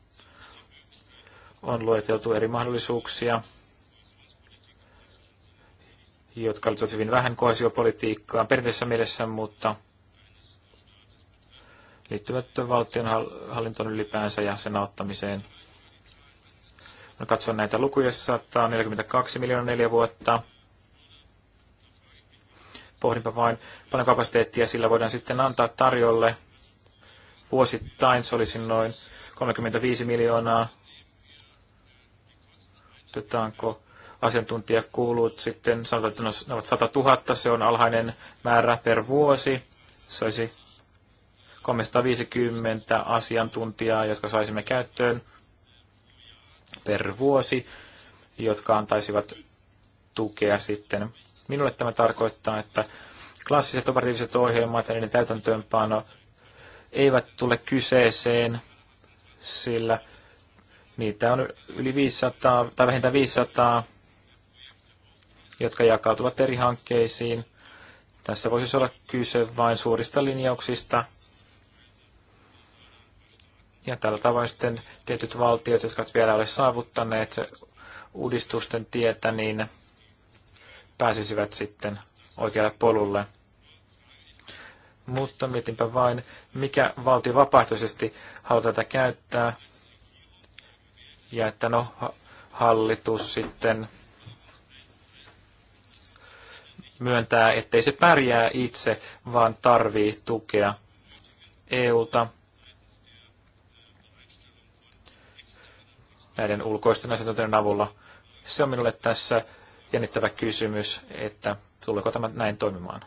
Speaker 2: on lueteltu eri mahdollisuuksia, jotka olivat hyvin vähän koesiopolitiikkaan perinteisessä mielessä, mutta liittyvät valtionhallintoon ylipäänsä ja sen auttamiseen. No, katson näitä lukuja, 142 miljoonaa neljä vuotta. Pohdinpa vain, paljon kapasiteettia sillä voidaan sitten antaa tarjolle. Vuosittain se olisi noin 35 miljoonaa. Otetaanko asiantuntijakulut sitten, sanotaan, että ne ovat 100 000, se on alhainen määrä per vuosi. Se olisi 350 asiantuntijaa, jotka saisimme käyttöön per vuosi, jotka antaisivat tukea sitten. Minulle tämä tarkoittaa, että klassiset operatiiviset ohjelmat ja niiden täytäntöönpano eivät tule kyseeseen, sillä niitä on yli 500 tai vähintään 500 jotka jakautuvat eri hankkeisiin. Tässä voisi siis olla kyse vain suurista linjauksista. Ja tällä tavoin sitten tietyt valtiot, jotka vielä ole saavuttaneet uudistusten tietä, niin pääsisivät sitten oikealle polulle. Mutta mietinpä vain, mikä valtio vapaaehtoisesti halutaan tätä käyttää. Ja että no, hallitus sitten myöntää, ettei se pärjää itse, vaan tarvii tukea EU:ta näiden ulkoisten asiantuntijoiden avulla. Se on minulle tässä jännittävä kysymys, että tuleeko tämä näin toimimaan.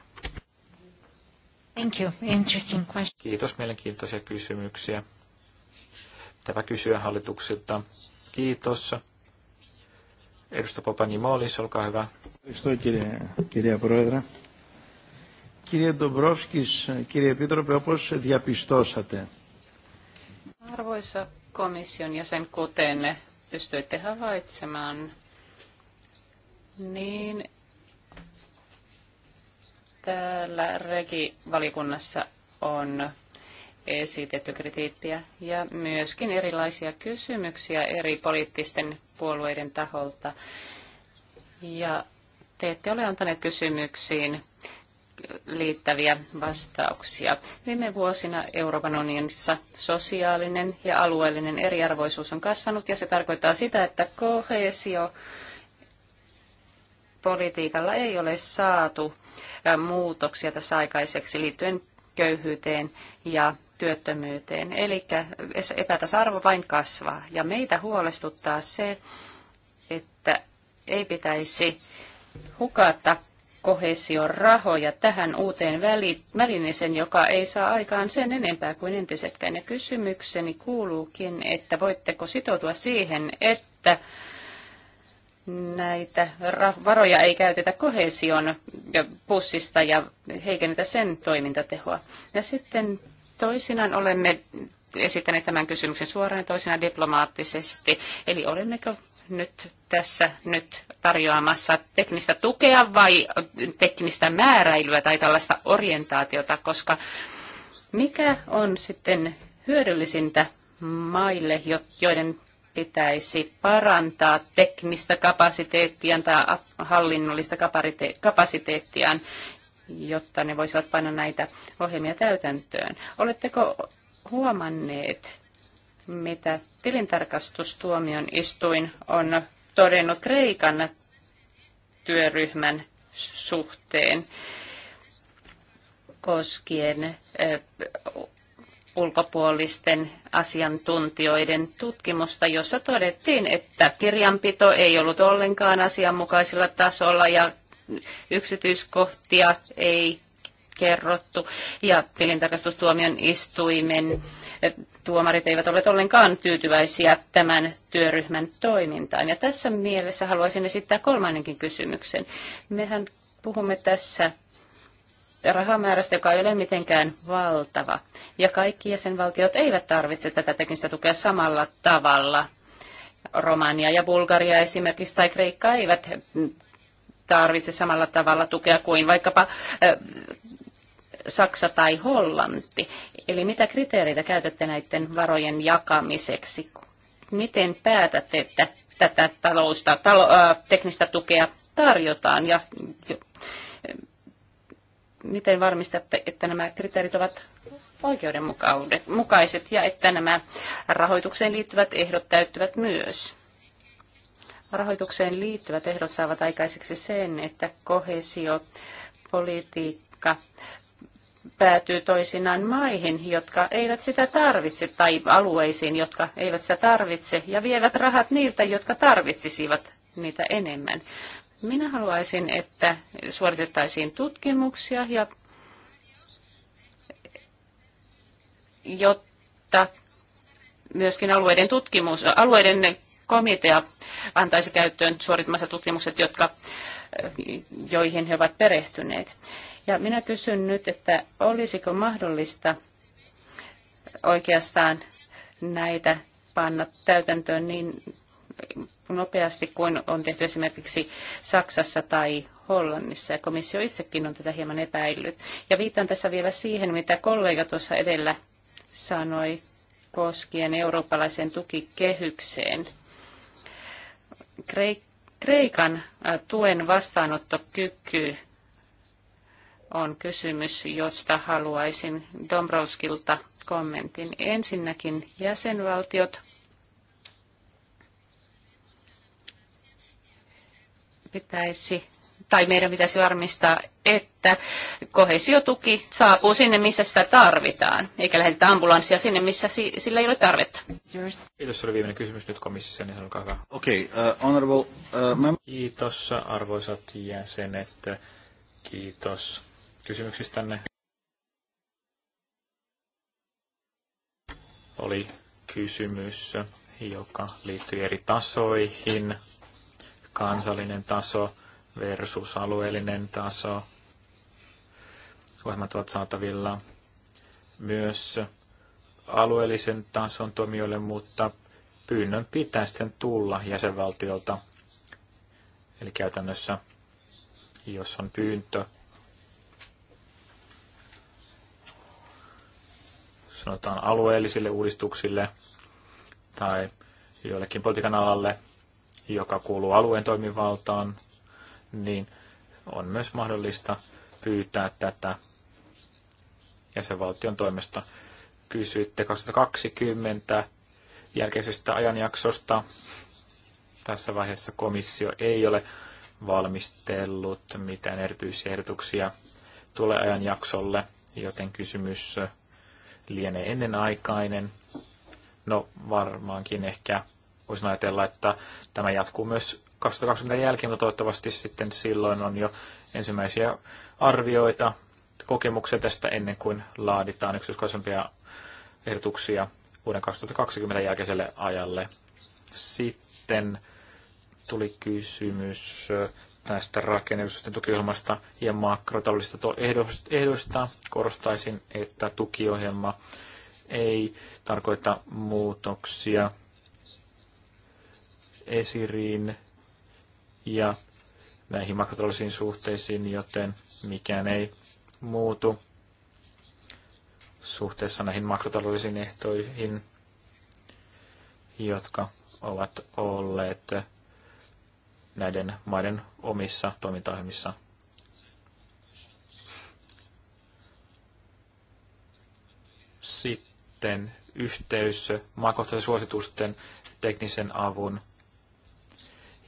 Speaker 3: Thank you. Interesting question.
Speaker 2: Kiitos, mielenkiintoisia kysymyksiä. Tämä kysyä hallituksilta. Kiitos. Edustaja Popani Moolis, olkaa hyvä. Ευχαριστώ κύριε, κυρία Πρόεδρε. Κύριε Ντομπρόφσκης, κύριε Επίτροπε, όπως διαπιστώσατε.
Speaker 1: Arvoisa komission jäsen, kuten pystyitte havaitsemaan, niin täällä regivalikunnassa on esitetty kritiikkiä ja myöskin erilaisia kysymyksiä eri poliittisten puolueiden taholta. Ja te ette ole antaneet kysymyksiin liittäviä vastauksia. Viime vuosina Euroopan unionissa sosiaalinen ja alueellinen eriarvoisuus on kasvanut ja se tarkoittaa sitä, että kohesio politiikalla ei ole saatu muutoksia tässä aikaiseksi liittyen köyhyyteen ja työttömyyteen. Eli epätasa-arvo vain kasvaa. Ja meitä huolestuttaa se, että ei pitäisi hukata kohesion rahoja tähän uuteen välineeseen, joka ei saa aikaan sen enempää kuin entisetkään. Ja kysymykseni kuuluukin, että voitteko sitoutua siihen, että näitä varoja ei käytetä kohesion pussista ja heikennetä sen toimintatehoa. Ja sitten Toisinaan olemme esittäneet tämän kysymyksen suoraan ja toisinaan diplomaattisesti. Eli olemmeko nyt tässä nyt tarjoamassa teknistä tukea vai teknistä määräilyä tai tällaista orientaatiota, koska mikä on sitten hyödyllisintä maille, joiden pitäisi parantaa teknistä kapasiteettiaan tai hallinnollista kapasiteettiaan jotta ne voisivat panna näitä ohjelmia täytäntöön. Oletteko huomanneet, mitä tilintarkastustuomion istuin on todennut Kreikan työryhmän suhteen koskien ulkopuolisten asiantuntijoiden tutkimusta, jossa todettiin, että kirjanpito ei ollut ollenkaan asianmukaisella tasolla ja yksityiskohtia ei kerrottu. Ja tilintarkastustuomion istuimen eh, tuomarit eivät ole ollenkaan tyytyväisiä tämän työryhmän toimintaan. Ja tässä mielessä haluaisin esittää kolmannenkin kysymyksen. Mehän puhumme tässä rahamäärästä, joka ei ole mitenkään valtava. Ja kaikki jäsenvaltiot eivät tarvitse tätä teknistä tukea samalla tavalla. Romania ja Bulgaria esimerkiksi tai Kreikka eivät tarvitse samalla tavalla tukea kuin vaikkapa Saksa tai Hollanti. Eli mitä kriteereitä käytätte näiden varojen jakamiseksi? Miten päätätte, että tätä talousta, talo, ä, teknistä tukea tarjotaan ja miten varmistatte, että nämä kriteerit ovat oikeudenmukaiset ja että nämä rahoitukseen liittyvät ehdot täyttyvät myös? rahoitukseen liittyvät ehdot saavat aikaiseksi sen, että kohesiopolitiikka päätyy toisinaan maihin, jotka eivät sitä tarvitse, tai alueisiin, jotka eivät sitä tarvitse, ja vievät rahat niiltä, jotka tarvitsisivat niitä enemmän. Minä haluaisin, että suoritettaisiin tutkimuksia, ja, jotta myöskin alueiden, tutkimus, alueiden komitea antaisi käyttöön suorittamassa tutkimukset, jotka, joihin he ovat perehtyneet. Ja minä kysyn nyt, että olisiko mahdollista oikeastaan näitä panna täytäntöön niin nopeasti kuin on tehty esimerkiksi Saksassa tai Hollannissa, ja komissio itsekin on tätä hieman epäillyt. Ja viitan tässä vielä siihen, mitä kollega tuossa edellä sanoi koskien eurooppalaiseen tukikehykseen Kreikan tuen vastaanottokyky on kysymys, josta haluaisin Dombrovskilta kommentin. Ensinnäkin jäsenvaltiot pitäisi tai meidän pitäisi varmistaa, että kohesiotuki saapuu sinne, missä sitä tarvitaan, eikä lähetetä ambulanssia sinne, missä si- sillä ei ole tarvetta.
Speaker 2: Kiitos, se oli viimeinen kysymys nyt komissiossa, niin olkaa hyvä. Okei, okay, uh, eh, honorable... Uh, Kiitos, arvoisat jäsenet. Kiitos kysymyksistänne. Oli kysymys, joka liittyy eri tasoihin. Kansallinen taso, versus alueellinen taso. Ohjelmat ovat saatavilla myös alueellisen tason toimijoille, mutta pyynnön pitää sitten tulla jäsenvaltiolta. Eli käytännössä, jos on pyyntö, sanotaan alueellisille uudistuksille tai jollekin politiikan alalle, joka kuuluu alueen toimivaltaan, niin on myös mahdollista pyytää tätä jäsenvaltion toimesta. Kysyitte 2020 jälkeisestä ajanjaksosta. Tässä vaiheessa komissio ei ole valmistellut mitään erityisiä ehdotuksia tulee ajanjaksolle, joten kysymys lienee ennenaikainen. No varmaankin ehkä voisin ajatella, että tämä jatkuu myös 2020 jälkeen, mutta toivottavasti sitten silloin on jo ensimmäisiä arvioita, kokemuksia tästä ennen kuin laaditaan yksityiskohtaisempia ehdotuksia vuoden 2020 jälkeiselle ajalle. Sitten tuli kysymys tästä rakennusten tukiohjelmasta ja makrotaloudellisista ehdoista. Korostaisin, että tukiohjelma ei tarkoita muutoksia esiriin ja näihin makrotaloudellisiin suhteisiin, joten mikään ei muutu suhteessa näihin makrotaloudellisiin ehtoihin, jotka ovat olleet näiden maiden omissa toimintaohjelmissa. Sitten yhteys maakohtaisen suositusten, teknisen avun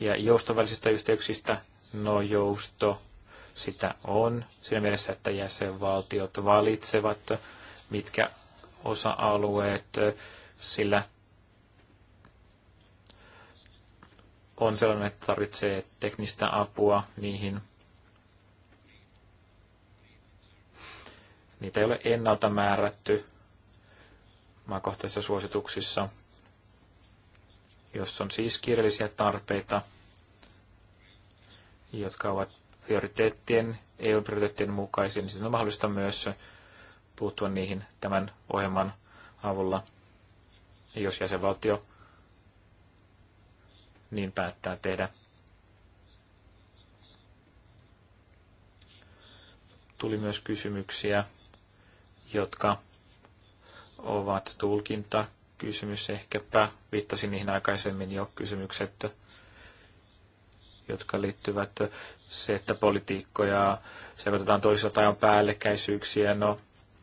Speaker 2: ja joustovälisistä yhteyksistä, no jousto, sitä on siinä mielessä, että jäsenvaltiot valitsevat, mitkä osa-alueet, sillä on sellainen, että tarvitsee teknistä apua niihin. Niitä ei ole ennalta määrätty maakohtaisissa suosituksissa jos on siis kiireellisiä tarpeita, jotka ovat prioriteettien, EU-prioriteettien mukaisia, niin sitten on mahdollista myös puuttua niihin tämän ohjelman avulla, jos jäsenvaltio niin päättää tehdä. Tuli myös kysymyksiä, jotka ovat tulkinta kysymys ehkäpä. Viittasin niihin aikaisemmin jo kysymykset, jotka liittyvät se, että politiikkoja sekoitetaan toisilta tai on päällekkäisyyksiä. No,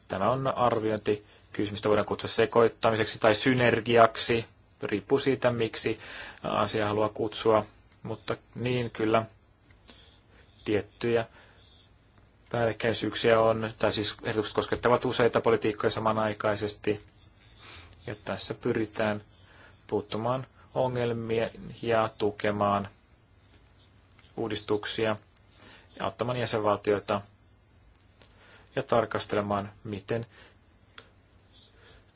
Speaker 2: tämä on arviointi kysymystä voidaan kutsua sekoittamiseksi tai synergiaksi, riippuu siitä, miksi asia haluaa kutsua, mutta niin kyllä tiettyjä päällekkäisyyksiä on, tai siis ehdotukset koskettavat useita politiikkoja samanaikaisesti, ja tässä pyritään puuttumaan ongelmia ja tukemaan uudistuksia, ja auttamaan jäsenvaltioita ja tarkastelemaan, miten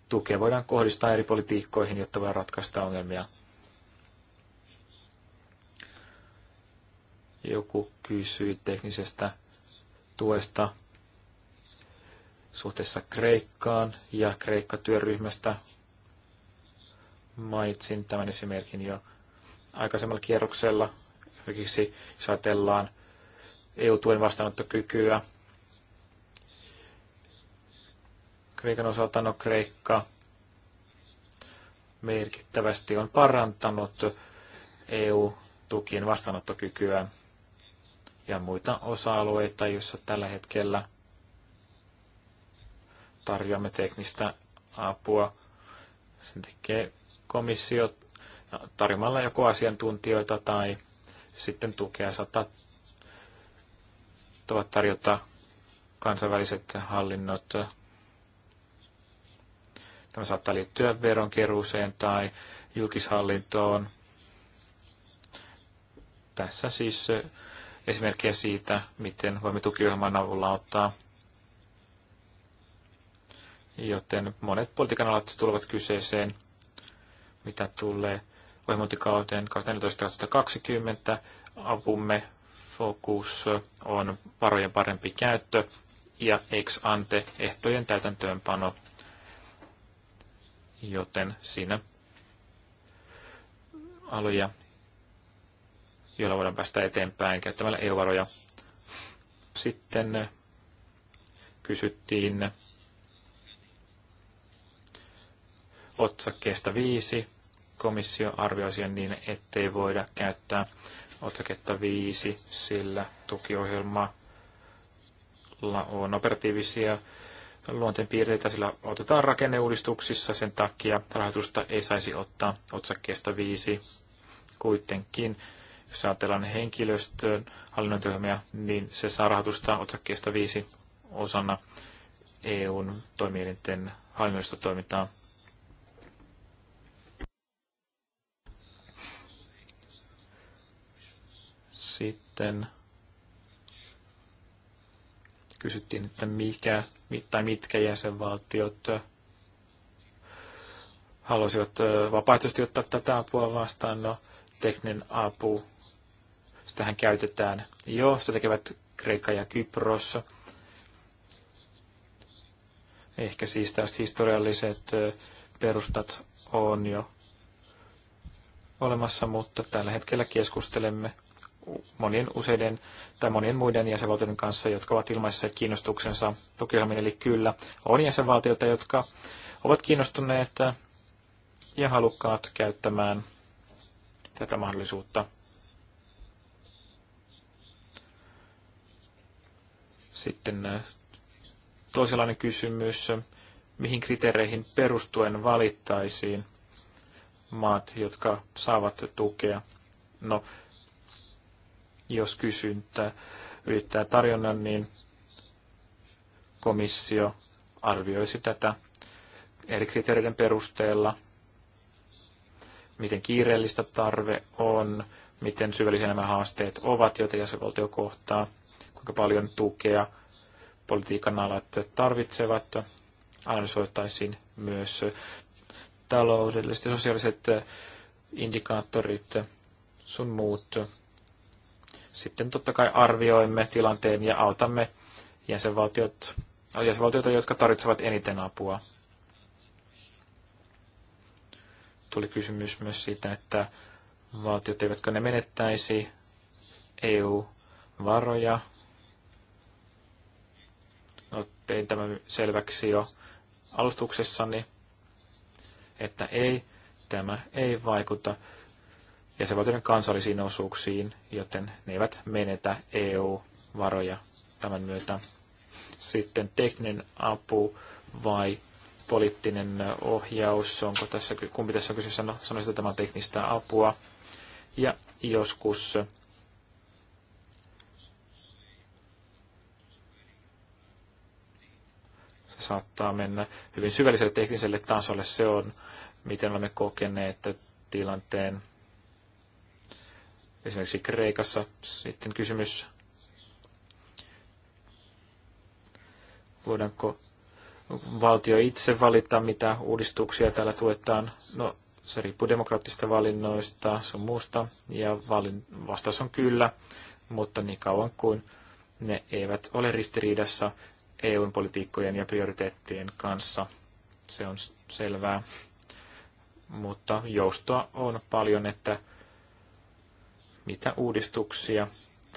Speaker 2: tukea voidaan kohdistaa eri politiikkoihin, jotta voidaan ratkaista ongelmia. Joku kysyi teknisestä tuesta suhteessa Kreikkaan ja Kreikka-työryhmästä. Mainitsin tämän esimerkin jo aikaisemmalla kierroksella. Esimerkiksi jos ajatellaan EU-tuen vastaanottokykyä, Kreikan osalta, no Kreikka merkittävästi on parantanut EU-tukien vastaanottokykyä ja muita osa-alueita, joissa tällä hetkellä tarjoamme teknistä apua. Sen tekee komissio tarjomalla joko asiantuntijoita tai sitten tukea sata ovat tarjota kansainväliset hallinnot. Tämä saattaa liittyä veronkeruuseen tai julkishallintoon. Tässä siis esimerkkejä siitä, miten voimme tukiohjelman avulla ottaa. Joten monet politiikan alat tulevat kyseeseen – mitä tulee ohjelmointikauteen 2014-2020. Apumme fokus on varojen parempi käyttö ja ex ante ehtojen täytäntöönpano, joten siinä aloja, joilla voidaan päästä eteenpäin käyttämällä EU-varoja. Sitten kysyttiin otsakkeesta viisi komissio arvioi asian niin, ettei voida käyttää otsaketta 5, sillä tukiohjelmalla on operatiivisia luonteenpiirteitä, sillä otetaan rakenneuudistuksissa, sen takia rahoitusta ei saisi ottaa otsakkeesta 5 kuitenkin. Jos ajatellaan henkilöstön hallinnointiohjelmia, niin se saa rahoitusta otsakkeesta 5 osana EUn toimielinten hallinnollista toimintaa Sitten kysyttiin, että mikä tai mitkä jäsenvaltiot halusivat vapaaehtoisesti ottaa tätä apua vastaan. No, tekninen apu, sitähän käytetään jo, sitä tekevät Kreikka ja Kypros. Ehkä siis tällaiset historialliset perustat on jo olemassa, mutta tällä hetkellä keskustelemme monien useiden tai monien muiden jäsenvaltioiden kanssa, jotka ovat ilmaisseet kiinnostuksensa tukiohjelmiin. Eli kyllä, on jäsenvaltioita, jotka ovat kiinnostuneet ja halukkaat käyttämään tätä mahdollisuutta. Sitten äh, toisenlainen kysymys, mihin kriteereihin perustuen valittaisiin maat, jotka saavat tukea. No, jos kysyntä ylittää tarjonnan, niin komissio arvioisi tätä eri kriteereiden perusteella, miten kiireellistä tarve on, miten syvällisiä nämä haasteet ovat, joita jäsenvaltio kohtaa, kuinka paljon tukea politiikan alat tarvitsevat. Analysoitaisiin myös taloudelliset ja sosiaaliset indikaattorit, sun muut sitten totta kai arvioimme tilanteen ja autamme jäsenvaltiot, jäsenvaltioita, jotka tarvitsevat eniten apua. Tuli kysymys myös siitä, että valtiot eivätkö ne menettäisi EU-varoja. No, tein tämän selväksi jo alustuksessani, että ei, tämä ei vaikuta jäsenvaltioiden kansallisiin osuuksiin, joten ne eivät menetä EU-varoja tämän myötä. Sitten tekninen apu vai poliittinen ohjaus, onko tässä, kumpi tässä on kyseessä, no, sanoisi, että tämä on teknistä apua. Ja joskus se saattaa mennä hyvin syvälliselle tekniselle tasolle. Se on, miten olemme kokeneet tilanteen esimerkiksi Kreikassa. Sitten kysymys, voidaanko valtio itse valita, mitä uudistuksia täällä tuetaan. No, se riippuu demokraattisista valinnoista, on muusta, ja valin, vastaus on kyllä, mutta niin kauan kuin ne eivät ole ristiriidassa EUn politiikkojen ja prioriteettien kanssa, se on selvää. Mutta joustoa on paljon, että mitä uudistuksia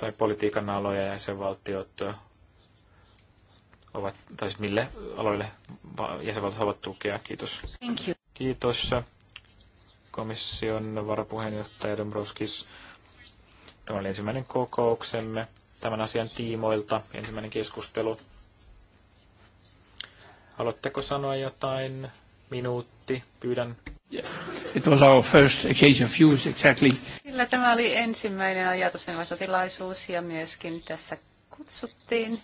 Speaker 2: tai politiikan aloja jäsenvaltiot ovat, tai siis mille aloille jäsenvaltiot ovat tukea. Kiitos. Thank you. Kiitos komission varapuheenjohtaja Dombrovskis. Tämä oli ensimmäinen kokouksemme tämän asian tiimoilta, ensimmäinen keskustelu. Haluatteko sanoa jotain? Minuutti, pyydän. It was our first exchange of views, exactly.
Speaker 1: Kyllä tämä oli ensimmäinen ajatusneuvostotilaisuus ja myöskin tässä kutsuttiin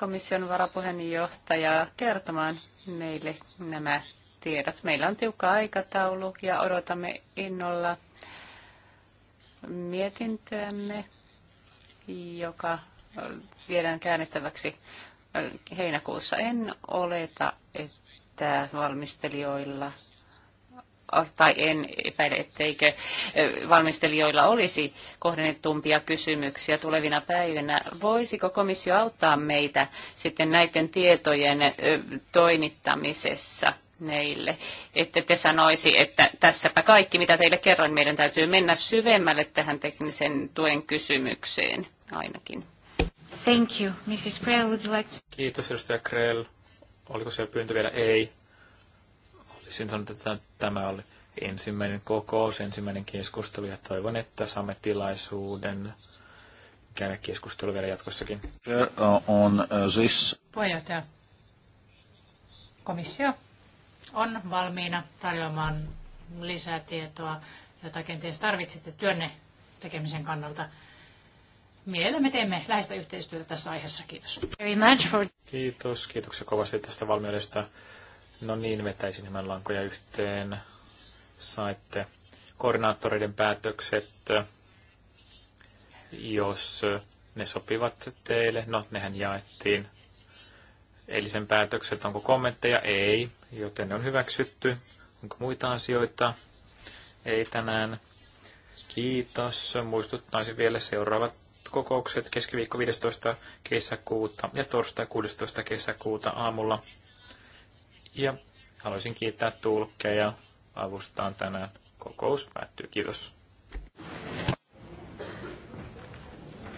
Speaker 1: komission varapuheenjohtaja kertomaan meille nämä tiedot. Meillä on tiukka aikataulu ja odotamme innolla mietintöämme, joka viedään käännettäväksi heinäkuussa. En oleta, että valmistelijoilla tai en epäile, etteikö valmistelijoilla olisi kohdennettumpia kysymyksiä tulevina päivinä. Voisiko komissio auttaa meitä sitten näiden tietojen toimittamisessa? meille. Että te sanoisi, että tässäpä kaikki, mitä teille kerroin, meidän täytyy mennä syvemmälle tähän teknisen tuen kysymykseen ainakin. Thank you. Mrs. Krell, would you like to...
Speaker 2: Kiitos, edustaja Krell. Oliko siellä pyyntö vielä? Ei olisin sanonut, että tämä oli ensimmäinen kokous, ensimmäinen keskustelu ja toivon, että saamme tilaisuuden käydä keskustelu vielä jatkossakin. Uh, on uh, this.
Speaker 3: Puheenjohtaja, komissio on valmiina tarjoamaan lisää tietoa, jota kenties tarvitsette työnne tekemisen kannalta. Mielellämme teemme läheistä yhteistyötä tässä aiheessa. Kiitos. Very much for...
Speaker 2: Kiitos. Kiitoksia kovasti tästä valmiudesta No niin, vetäisin nämä lankoja yhteen. Saitte koordinaattoreiden päätökset, jos ne sopivat teille. No, nehän jaettiin. Eilisen päätökset, onko kommentteja? Ei, joten ne on hyväksytty. Onko muita asioita? Ei tänään. Kiitos. Muistuttaisin vielä seuraavat kokoukset keskiviikko 15. kesäkuuta ja torstai 16. kesäkuuta aamulla. Ja haluaisin kiittää tulkkeja avustaan tänään. Kokous päättyy. Kiitos.